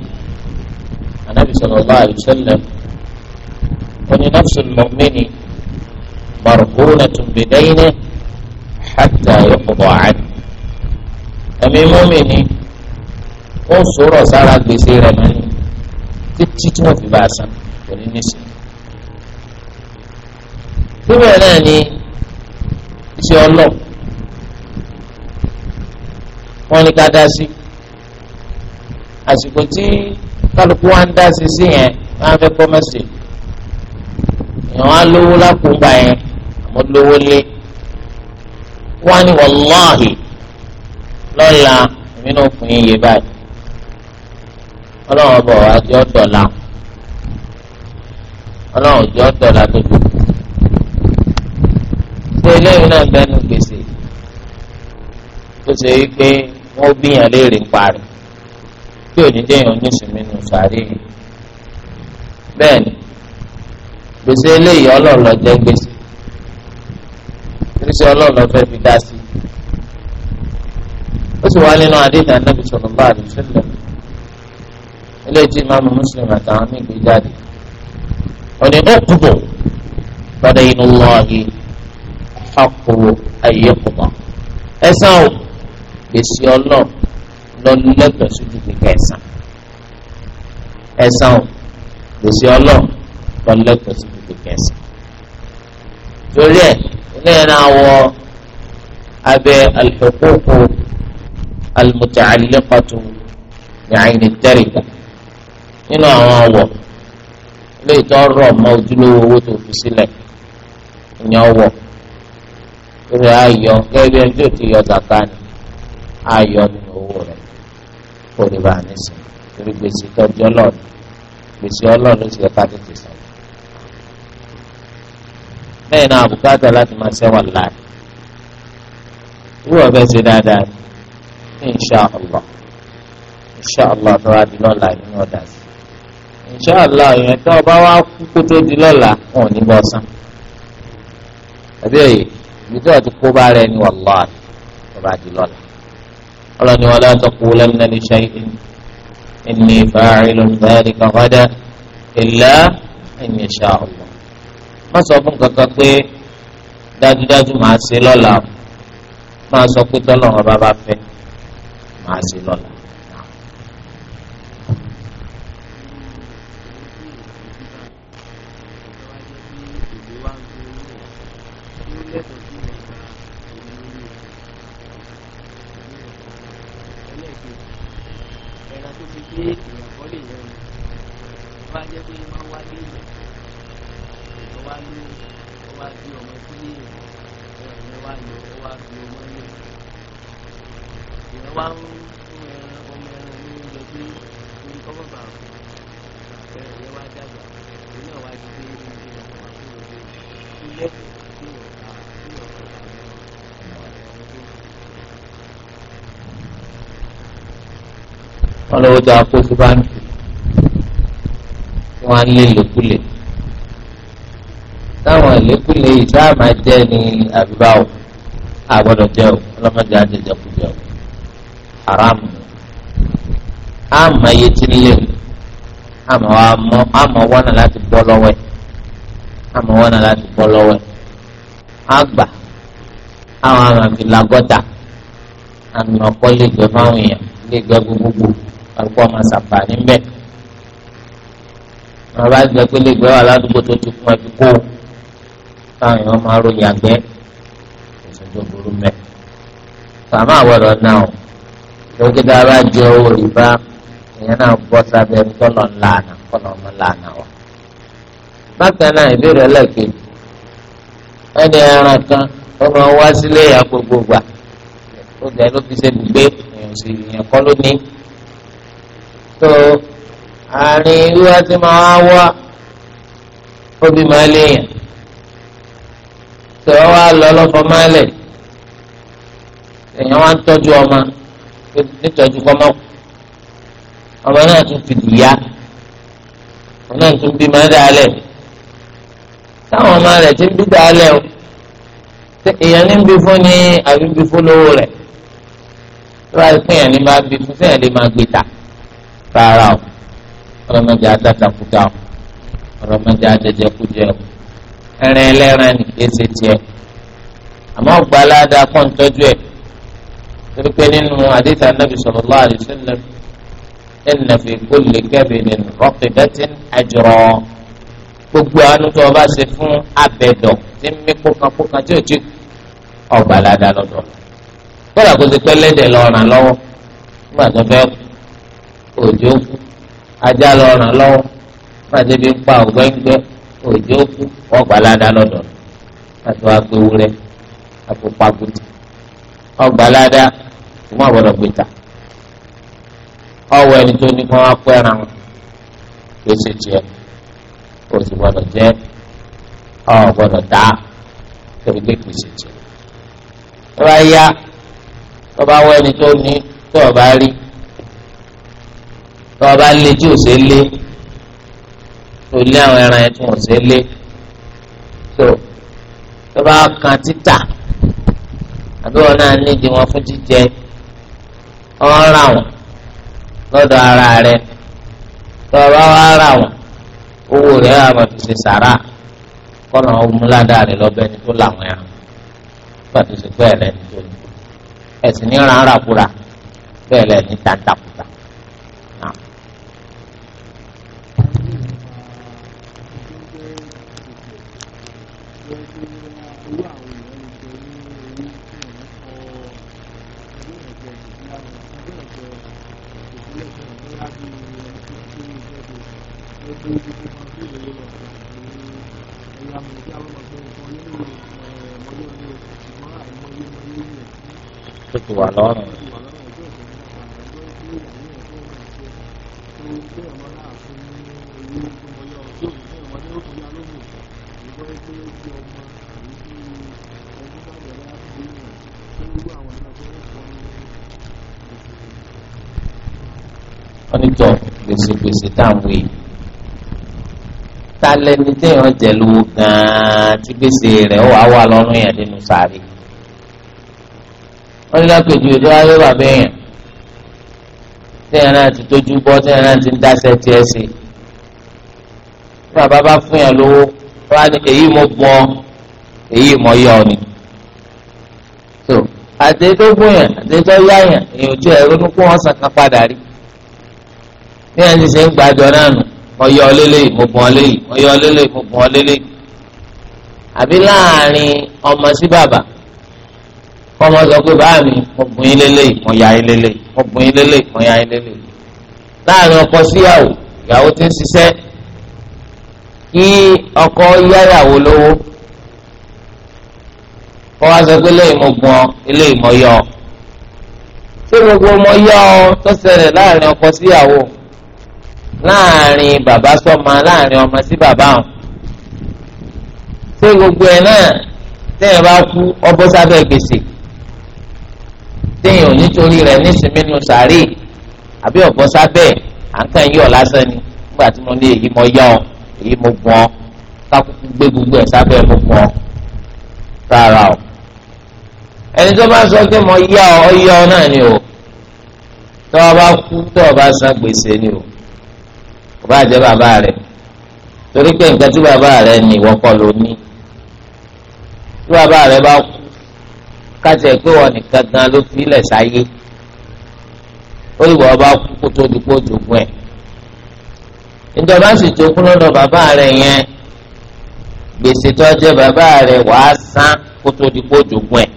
anábì sallallahu alaihi wasallam oní nafsul mu'mini marhunatun bidayni hatta yuqda anhu ẹ̀mí mọ́mìnì ó sọ̀rọ̀ sára gbèsè rẹ̀ mọ́ni. títí tí wọ́n fi bá a san kò ní ní sùn. síbẹ̀ náà ni iṣẹ́ ọlọ́ wọ́n ní ká dá sí àsìkò tí kálukú wa ń dá sí sí yẹn wọ́n á fẹ́ kọ́ mẹ́sì èèyàn á lówó lápòǹgbà yẹn àmọ́ lówó lé wọ́n á ní wàláhì lọ́la èmi fún yín yé báyìí ọlọ́run ọba ọ̀wá jẹ́ ọ̀dọ́là ọlọ́run jẹ́ ọ̀dọ́là tó kù ṣé eléyìí náà bẹnu gbèsè tó ṣe yí pé wọ́n bíyàn léèrè ń parí tí onídéèyàn oníṣùmí nù sàárè yìí bẹ́ẹ̀ ni gbèsè eléyìí ọlọ́ọ̀lọ́ jẹ́ gbèsè irúṣẹ́ ọlọ́ọ̀lọ́ fẹ́ fi dá sí i ó sì wá nínú àdéhùn anábìsọ̀rọ̀ bá àdìsílẹ̀ mi ilé tí imaamu muslim àtàwọn míì gbé jáde òní ọkùbọ padà inú lọ́ọ̀hì fàkó ayékùbọ ẹ̀san o gbèsè ọlọ́ọ̀ lọ́lẹ́tọ̀ sójú kíkẹ́ ẹ̀san ẹ̀san o gbèsè ọlọ́ọ̀ lọ́lẹ́tọ̀ sójú kíkẹ́ ẹ̀san torí ẹ̀ ilé náà wọ abẹ́ alhuququ almuta'alliqatu bi'ayni tẹ́rìkà nínú àwọn ọ̀wọ̀ ilé ìtọ́rọ̀ mọ ojúlówó owó tó fi sílẹ̀ ìyẹn ọ̀wọ̀ rẹ̀ ayọ̀ gẹ́gẹ́ bí ẹni tó ti yọ zaka ni ayọ̀ nínú owó rẹ̀ kó lè bá a nísìn torí gbèsè tọ́jú ọlọ́run gbèsè ọlọ́run ló ti yẹ ká tètè sàn. bẹ́ẹ̀ náà àbùkátà láti máa sẹ́wọ̀n láàyè wúwo bẹ́ẹ̀ ṣe dáadáa ní inṣàlá inṣàlá tó lọ́la ìyẹn ọ̀dà sí ṣọ́ọ̀lá èèyàn tó ọba wá kú kó tó di lọ́la wọn ò ní bọ́ san àbí ẹ̀yẹ ibi tó ọtí kó bá rẹ ni wàlláhì ọba di lọ́la ọlọ́ni wọn láti kú lẹ́nu ní ṣẹ́yìn inni fa'ilun dhalika ghadan illa in sha Allah má sọ fún kankan pé dájúdájú màá ṣe lọ́la máa sọ pé tọ́lọ́run ọba bá fẹ́ màá ṣe lọ́la. náwó tó a kó sí báńkì tí wọ́n á lé lòkulè táwọn ìlékulè yìí sáà máa jẹ́ ní àbíbáwò àgbọ̀dọ̀ jẹ́ o ọlọ́mọdé àjẹjẹkù jẹ́ o haramu àmọ̀ iye tí ń lé o àmọ̀ àmọ̀ wọ́nà láti bọ́ lọ́wọ́ ẹ̀ àmọ̀ wọ́nà láti bọ́ lọ́wọ́ ẹ̀ àgbà àwọn àmàmì làgọ́tà àmì lè gbẹ fáwọn èèyàn lè gbẹ gbogbogbò àbíkọ́ máa ṣàǹfààní mbẹ́. wọn bá gbẹ pé lè gbẹ wà ládùúgbò tó ti kún ẹbí kó táwọn èèyàn máa ròyìn àgbẹ̀ èso tó burú mẹ́. fàmà àwọ̀dọ̀ náà o lókítà bá jẹ owó rìbá èèyàn náà bọ́ sábẹ́ ẹni tọ́lọ̀ ńláàna kọ́lọ̀ ọmọ ńláàna wa. bákan náà ìbéèrè ẹlẹ́kejì ẹni ẹran kan ó máa wá sílé ìyá gbogbo gbà ó bẹ̀rẹ̀ ló fi ṣe gbùgbé èèyàn sì kọ́ ló ní tó àárín wíwá tí máa wá obì máa léèyàn tó wá lọ lọ́fọ̀ máa lẹ̀ èèyàn wá ń tọ́jú ọmọ nítọ́jú kọ́mọ́ ọmọ náà tún fìdí ya ọmọ náà tún bí máa dálẹ̀ táwọn ọmọ rẹ̀ ti ń bí dálẹ̀ o èèyàn ní bí fún ni àbí bí fún lówó rẹ̀ tó wá pín yàn ní bá bí fún sẹ́yìn lè máa gbé ta rárá o ọlọ́mọdé adátakúta o ọlọ́mọdé ajẹjẹkújẹ o ẹran ẹlẹ́ran nìké ṣe tiẹ̀ àmọ́ ọgbà aládàá kọ́ ń tọ́jú ẹ̀ torí pé nínú àdéhùn anábì sallallahu alaihi wasallam inna fi kulli kabidin raqibatin ajra gbogbo àánú tó o bá ṣe fún abẹ́dọ̀ tí ń mí kókankókan tí ò ti ọgbà aládàá lọ́dọ̀ kódà kó ti pẹ́ lẹ́dẹ̀ lọ́ràn lọ́wọ́ nígbà tó òjò kú ajá lọ ràn lọ́wọ́ pàṣẹ bí pa ògbẹ́ngbẹ́ òjò kú ọgbà lọ́dọ̀ pé wúrẹ́ ìmọ̀ àbọ̀dọ̀ ọwọ́ ẹni tó ní kí wọ́n pẹ́ wọn sì jẹ́ kó o sì gbọ́dọ̀ jẹ́ ọ̀ gbọ́dọ̀ torí tó o bá lé tí o ṣe lé tó lé àwọn ẹran yẹn tí o ṣe lé tó tó bá kan títà àbí wọn náà nídi wọn fún jíjẹ wọn rà wọn lọ́dọ̀ ara rẹ tó o bá wá rà wọn owó rẹ àwọn fi ṣe sàrà kọ́nà ọmúládà rẹ lọ́bẹ̀ ni tó làwọn ẹran pàtó bẹ́ẹ̀ lẹ́ni tó ní ẹ̀sìn ní ràn án ràkúrà bẹ́ẹ̀ lẹ́ni tàǹtàkù. tó ti wà lọ́rùn. onítọ̀ gbèsè gbèsè táwọn èèyàn ta lẹni téèyàn jẹ lówó gan-an gbèsè rẹ̀ ó wà wà lọ́rùn yẹn nínú sáré wọ́n ní lápèjú ètò ayé bàbá èèyàn téèyàn náà ti tójú bọ́ téèyàn náà ti ń dáṣẹ́ tiẹ̀ sí i tí bàbá bá fún yàn lówó wọ́n á ní èyí mo bọ́ èyí mo yọ ni so àtẹ̀tọ́gbọ̀n yàn àtẹ̀tọ́ yá yàn èyàn ojú ẹ̀rọ ní kó wọ́n sàkán padà rí bí wọ́n ti ṣe ń gbàjọ náà nù mo yọ lélẹ̀ mo bọ́n lélẹ̀ mo yọ lélẹ̀ mo bọ́n lélẹ̀ àbí láàrin ọmọ sí bàbá ọmọ sọ pé báà mi mo bùn yín lélẹ̀ mo yà yín lélẹ̀ mo bùn yín lélẹ̀ mo yà yín lélẹ̀ láàrin ọkọ síyàwó ìyàwó ti ń ṣiṣẹ́ kí ọkọ yáyàwó lówó kọ́ wá sọ pé eléyìí mo bùn ọ eléyìí yọ ọ ṣé gbogbo mo yọ ọ tó ṣẹlẹ̀ láàrin ọkọ síyàwó láàrin bàbá sọ́mọ láàrin ọmọ sí bàbá ọ ṣé gbogbo ẹ̀ náà tẹ́yìn bá kú ọbọ̀ sábẹ́ gbèsè téèyàn ò nítorí rẹ̀ nísìnyí nù sàárè àbí ọ̀bọ sábẹ́ àǹkàn yíyọ̀ lásán ni nígbà tí mo ní èyí mo yá ọ èyí mo gbọ́n ọ kákúkú gbé gbogbo ẹ̀ sábẹ́ mo gbọ́n ọ rárá o ẹni tó bá sọ pé mo yá ọ ọ ọ náà ni o tó o bá kú tó o bá san gbèsè ni o kò bá jẹ́ bàbá rẹ̀ torí pé nǹkan tí bàbá rẹ̀ ní ìwọ ló ní tí bàbá rẹ̀ bá kú káti ẹ̀ pé wọn nìkan gan ló fi ilẹ̀ sáyé ó lè wọ ọba kó tó di kó jogún ẹ̀ ìjọba sì jogún lọ́dọ̀ bàbá rẹ̀ yẹn gbèsè tó jẹ́ bàbá rẹ̀ wàá san kó tó di kó jogún ẹ̀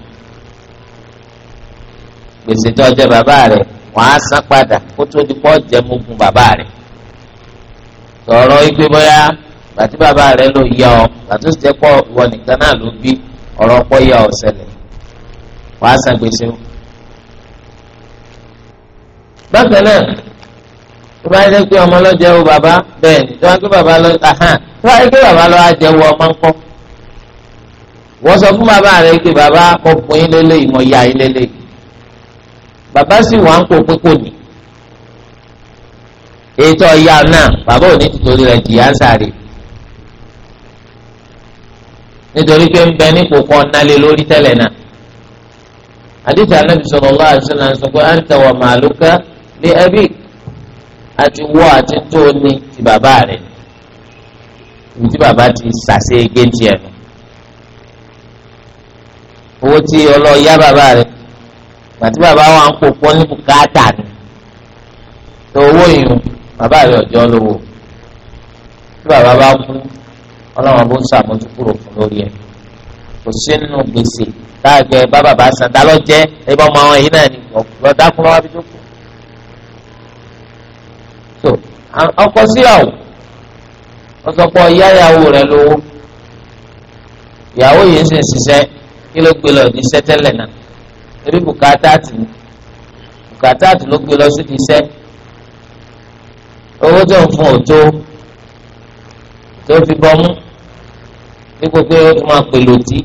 gbèsè tó jẹ́ bàbá rẹ̀ wàá san padà kó tó di kó bàbá rẹ̀ sọ̀rọ̀ igbe bóyá bàtí bàbá rẹ̀ ló yá ọ bàtí ó sì jẹ́ pọ̀ ìwọ nìkan náà ló bí ọ̀rọ̀ pọ̀ yá ọ ṣẹlẹ̀ wàá san gbèsè o. bákan náà tó bá yẹ pé ọmọ lọ́jẹ́ wo bàbá bẹ́ẹ̀ ni tó bá yẹ pé bàbá lọ ahàn tó bá yẹ pé bàbá lọ́wọ́ àjẹ́ wo ọmọ ńkọ́. wọ́n sọ fún bàbá rẹ̀ pé bàbá ọkùnrin lélẹ̀ ìmọ̀ ìyá yín lélẹ̀ bàbá sì wà ń kó pé ní. ètò ìyá náà bàbá ò ní tìtorí rẹ̀ jìyà sáré nítorí pé ń bẹ nípò kan nálé lórí tẹ́lẹ̀ náà àdìsí anábì sallallahu alaihi wasallam sọ pé anta wa màlúkà ní ẹbí àti wọ́ àti tó ní ti bàbá rẹ̀ ní ti bàbá ti sàṣe géńtì ẹ̀ nù owó tí ọlọ́ọ̀yá bàbá rẹ̀ gbàtí bàbá wa ń kó pọ́ ní bùkátà ni tó owó yìí bàbá rẹ̀ ọ̀jọ́ lówó tí bàbá bá kú ọlọ́run bó ń sàmójúkúrò fún lórí ẹ̀ kò sínú gbèsè táàgbẹ bá bàbá san tá lọ jẹ ẹbí ọmọ àwọn èyí náà ni ọ̀dà kúnlọ́ wá fi jókòó. so ọkọ síyàwó wọ́n sọ pé ọ̀yá ìyàwó rẹ̀ lówó ìyàwó yìí ń sì ń ṣiṣẹ́ kí ló gbé lọ ní iṣẹ́ tẹ́lẹ̀ náà ebi bùkátà tì ní bùkátà tì ló gbé lọ sí ti owó tó ń fún òtó tó fi bọ́ mú ní gbogbo ẹ̀ ó tún máa pè lòdì.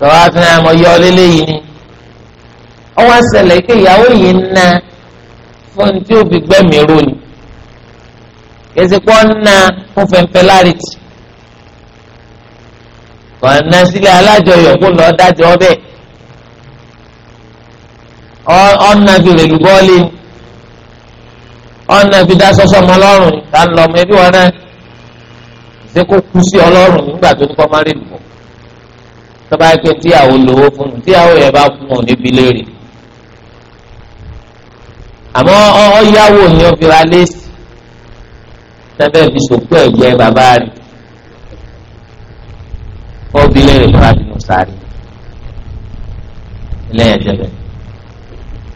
tọ́wọ́ afẹ́rẹ́ àmọ́ yọ ọlẹ́lẹ́ yìí ni ọwọ́ àṣẹlẹ̀ pé ìyàwó yìí ń na fún tí ó fi gbẹ́mìí ró ni kẹsìkọ́ ń na fún láàrìtì kò ń na sílẹ̀ alájọyọ̀ kó lọ́ọ́ dájọ́ ọbẹ̀ ọ̀nà fi rèlú bọ́ọ̀lì ọ̀nà fi dá sọ́sọ́ ọlọ́run ta ń lọ ọmọ ẹbí wọn náà kó tọ́ba yẹ pé tíyàwó lówó fún un tíyàwó yẹn bá fún un níbi léèrè àmọ́ ọ̀yáwó ni ó fi ra léèsì tẹ́fẹ́ fi sòkú ẹ̀jẹ̀ bàbá rẹ̀ ó bi léèrè lọ́ra bínú sáré lẹ́yìn ẹ̀jẹ̀ bẹ̀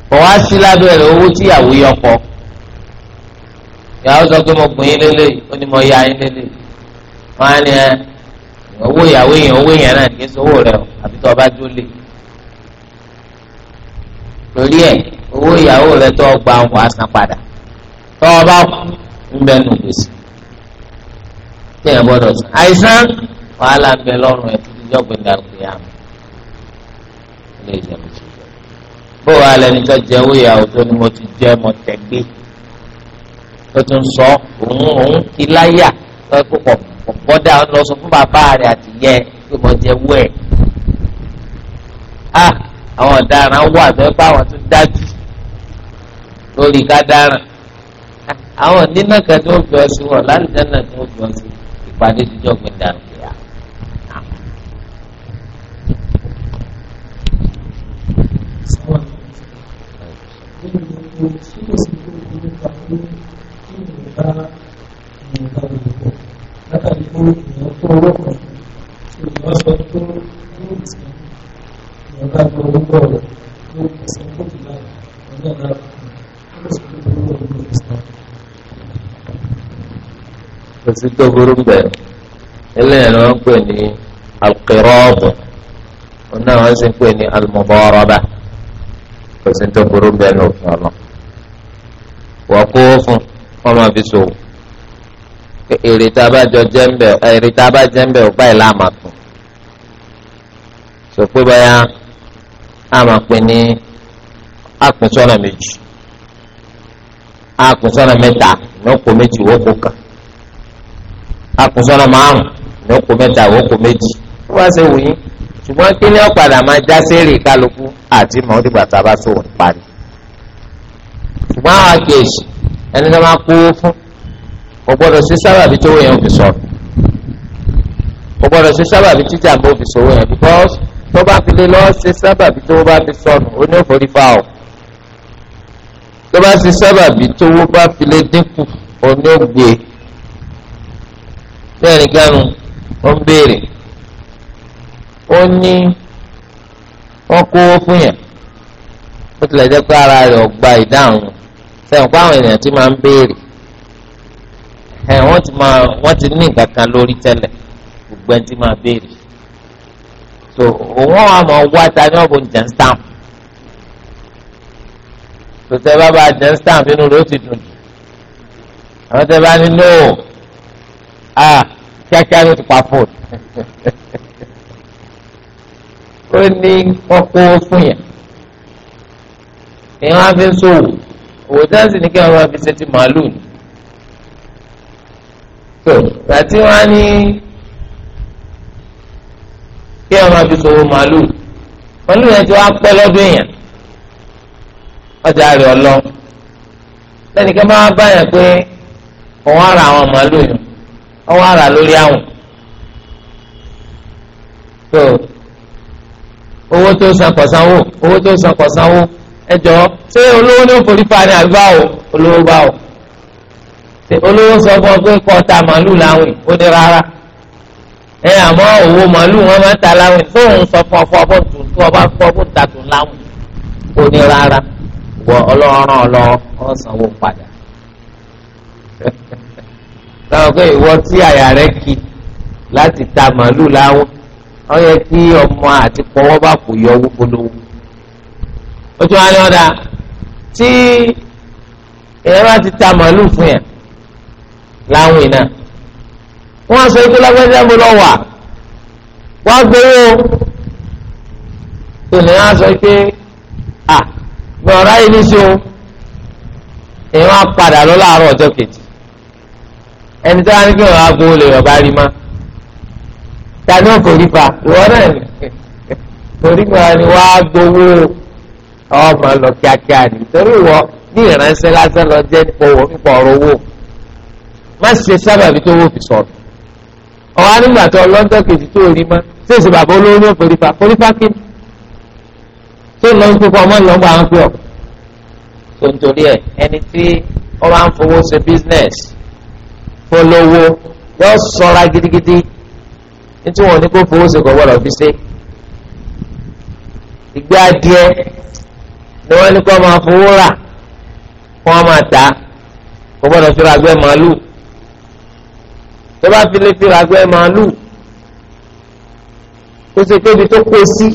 kò wá sí lábẹ́ owó tíyàwó yọ kọ́ ìyàwó sọ pé mo gbìn yín lélẹ́yìí ó ní mo yá yín lélẹ́yìí wọ́n á ní ẹ owó ìyàwó èèyàn owó èèyàn náà nìyẹn sọ owó rẹ o àfi tó o bá dúró lè torí ẹ owó ìyàwó rẹ tó o gbà wàá san padà tó o bá ń bẹ nù gbèsè tí èèyàn gbọ́dọ̀ sàn àìsàn wàhálà ń bẹ lọ́rùn ẹ títí jọgbìn dàgbé àmì ilé ìjẹun tó jẹ bó wàá lẹni tó jẹ owó ìyàwó tó ni mo ti jẹ mo tẹ gbé tó tún sọ òun òun kí láyà tó kó pọ̀ mọ́ ọ̀gbọ́dà lọ sọ fún bàbá rẹ̀ àti yẹ pé mo jẹ wú ẹ̀. a ah, àwọn ọ̀daràn wà tó bá wọn tún dájú lórí ká dáràn. àwọn onínàkàtà ó fi ọ sí wọn lálẹ́ náà ni ó fi ọ sí ìpàdé ìdíjọ́ gbẹ̀dàrún. owó kan èèyàn sọ pé ní ìtì èèyàn bá gba owó bọ̀ rẹ̀ ló kù sí kóòtù láì ọ̀nà kò sí tó burú eléyìí ni wọ́n pè ní alqirab ọ̀nà wọn sì pè ní almudaraba kò sí tó burú ní òfin ọ̀nà wọ́n kó fún ọmọ àbí èrè tá a bá jọ jẹ́ ń bẹ̀ èrè tá a bá jẹ́ ń bẹ̀ ọ̀pá ẹ̀ láàmà tún sọ pé báyà àmà pé ní àpínsọ́nà méjì àpínsọ́nà mẹ́ta ní oko méjì ìwọ́kọ kan àpínsọ́nà márùn ní oko mẹ́ta ìwọ́kọ méjì wọ́n wá sí wòye ṣùgbọ́n kí ni ọ̀padà máa já sẹ́rì kálukú àti mọ̀ ọ́n bá sọ̀rọ̀ parí ṣùgbọ́n àwọn akéèṣì ẹni tó máa kó fún o gbọ́dọ̀ ṣe sábàbí tó wọ́n yẹn fi sọ̀rọ̀ o gbọ́dọ̀ ṣe sábàbí tí jàmbá fi sọ̀rọ̀ yẹn because tó bá fi lé lọ́ọ́ ṣe sábàbí tó wọ́n bá fi sọnù ó ní òfòrí fa ọ̀ tó bá ṣe sábàbí tó wọ́n bá fi lé dínkù ó ní ògbé bẹ́ẹ̀ ni gánu ó ń béèrè ó ní wọ́n kówó fún yẹn ó tilẹ̀ jẹ́ pé ara rẹ̀ ọ̀gba ìdáhùn sẹ́yìn pé àwọn ènìyàn ti máa ń béèrè ẹ wọ́n ti máa wọ́n ti ní nǹkan kan lórí tẹ́lẹ̀ gbogbo ẹni tí máa béèrè so òun àmọ́ wá ta ní ọ̀bùn jẹ́ stamp tó tẹ́ bá bá jẹ́ stamp inú rẹ̀ ó ti dùn jù àwọn tẹ́ bá ní no ah kíákíá ló ti pa fóònù ó ní wọ́n kó fún yẹn èèyàn á fi ń sòwò òwò tẹ́sí ni kí wọ́n fi ṣe ti màálù ni tó gbàtí wọn ní kí ẹ máa fi sòwò màálùú màálùú yẹn ti wá pẹ́ lọ́dún èèyàn ọjà rẹ̀ ọlọ́ lẹ́nìkan máa bá yẹn pé òun ara àwọn màálùú yẹn òun ara lórí àwọn tó owó tó san kọ̀sánwó owó tó san kọ̀sánwó ẹ jọ ṣé olówó ní òfòrí ni àbí báwo olówó báwo. olówó sọ fún ọ pé kọta màálù láwìn ó dé rárá ẹ òwò màálù wọn máa ta láwìn tóun sọ fún ọfọ ọbọ tún tó ọba fún ọkọ ta tún láwìn ó ní rárá wọ ta màálù láwìn ó ọmọ àti bá kò yọ owó polówó ti ta màálù fún yẹn láwìn náà wọ́n sọ ikú lágbẹ́dẹ́ mo lọ wà wá gbowó tòní wọ́n sọ pé à bẹ ọ̀rá yìí níṣẹ́ o èèyàn á padà lọ láàárọ̀ ọjọ́ kejì ẹni tí wọ́n á ní kí wọ́n á gbowó lè yọ̀bá rí má tani ó kò rí pa ìwọ náà ni torí pé wọ́n á ní wọ́n á ọmọ lọ kíákíá ni torí ìwọ ní ìránṣẹ́ lásán lọ jẹ́ nípa ọ̀rọ̀ owó má ṣe sábàbí tó wó fi sọ̀rọ̀ ọ̀hán nígbà tó lọ́jọ́ kejì tó rí mọ́ ṣèṣì bàbá olórí ò forípa forípa kí ni tó lọ ń pípa ọmọ ìlọ́gbà ń pè ọ́ tó ń torí ẹ̀ ẹni tí ó máa ń fowó ṣe business polówó yóò sọra gidigidi nítorí wọn ní kó fowó ṣe kò gbọdọ̀ fi ṣe ìgbé adìẹ ni wọ́n ní kó máa fowó rà kó wọ́n máa tà kò gbọdọ̀ fi ra gbẹ́ màálù tó bá fi lè fi ràgbẹ́ màálù tó ṣe pé ibi tó kó sí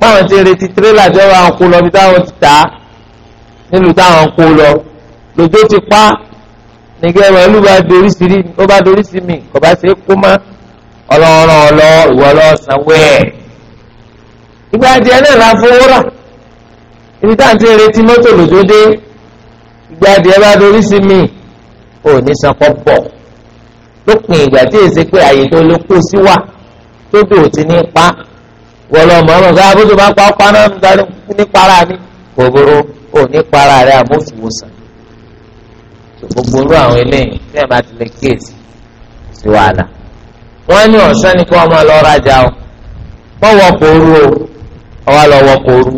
báwọn ti retí tírélà tí wọn kó lọ ibi táwọn ti tà á nílùú táwọn kó lọ lójó ti pa nìkẹ́ màálù bá dorí sí rí ó bá dorí sí mi kò bá ṣe é kó má ọlọ́ọ̀rọ̀ ọlọ́ ìwọ ọlọ́ọ̀sánwó ẹ̀. ìgbà adìẹ náà la fowó rà ibi táwọn ti retí mọ́tò lójó dé ìgbà adìẹ bá dorí sí mi ò ní sanko bọ̀ lópin ìgbà tí èsì pé àyè tó ló kó sí wà tó dò tí ní pa wọlọ mọ̀ọ́mọ̀ sọ abóso ah, bá pa ọpá náà ń darí ní para ní kòbóró ò ní para rẹ àmófìwòsàn gbogbo orú àwọn eléyìí tí ẹ bá ti lè kíyèsí sí wàhálà wọn ní ọ̀sán ni kí wọn máa lọ rajà o wọn wọ ọkọ̀ òru o ọwọ́ lọ wọ ọkọ̀ òru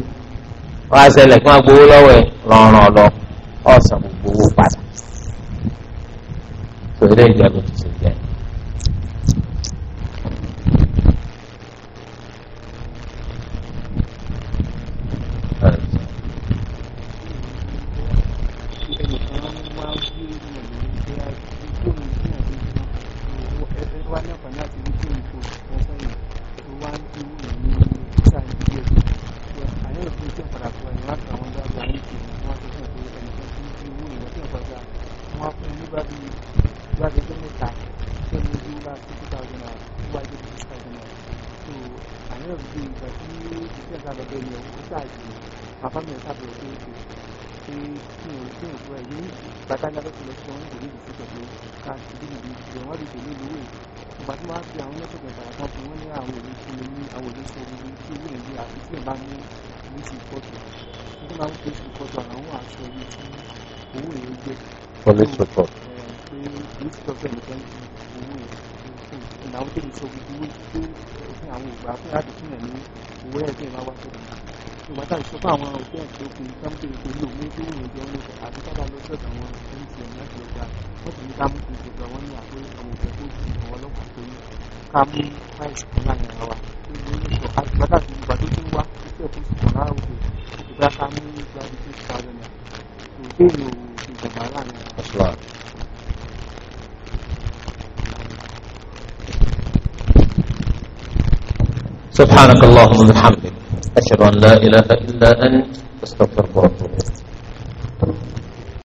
wọn á kí wọn gbowó lọ́wọ́ ẹ rànràn lọ ọ̀sán gbogbo padà. 所以一点就是关键。performance sábẹ̀ òde òde ṣe kí o ṣe òdu ẹ̀ ní bàtàlá tó lọ sí wọn ìdílé ìdílé pẹ̀lú káàsì ìdílé ìdílé ìdílé wọn lè dèlé lówó ìgbà tí wọn á fi àwọn ẹlẹ́tọ̀ bẹ̀rẹ̀ àwọn fún wọn ní àwọn èlé tí mo ní àwọn èlé tí mo ní tí owó èlé àti tí ìbá ní ní ti ìkọ́tù nígbà máa ń pè sí ìkọ́tù àwọn aṣọ ilé tí owó èlé jẹ́. police support. pé police support nìkan ju owó èlé ìnáwó tèmi sọ gbogbo owó tó ìgbàtà ìsọpá àwọn òkú àti okùn sáńpé ètò ìlú ní tí ìrìn ìjọ ló àti sábà ló sọ̀tà àwọn mtn láti ọjà wọ́n sì ní ká mú kí ìṣètò àwọn ní àpé àwọn òkú tó ti àwọn ọlọ́pàá pé ká mú fáìsì kan láàrin ara wa ìgbàtà ti ìgbà tó tún wá iṣẹ́ tó sì kàn láàrúkọ ìgbà ká mú ìgbà tó ti ká lọ nà òkè ìlú ìjọba láàrin ara wa. سبحانك اللهم وبحمدك أشهد أن لا إله إلا أنت أستغفرك وأتوب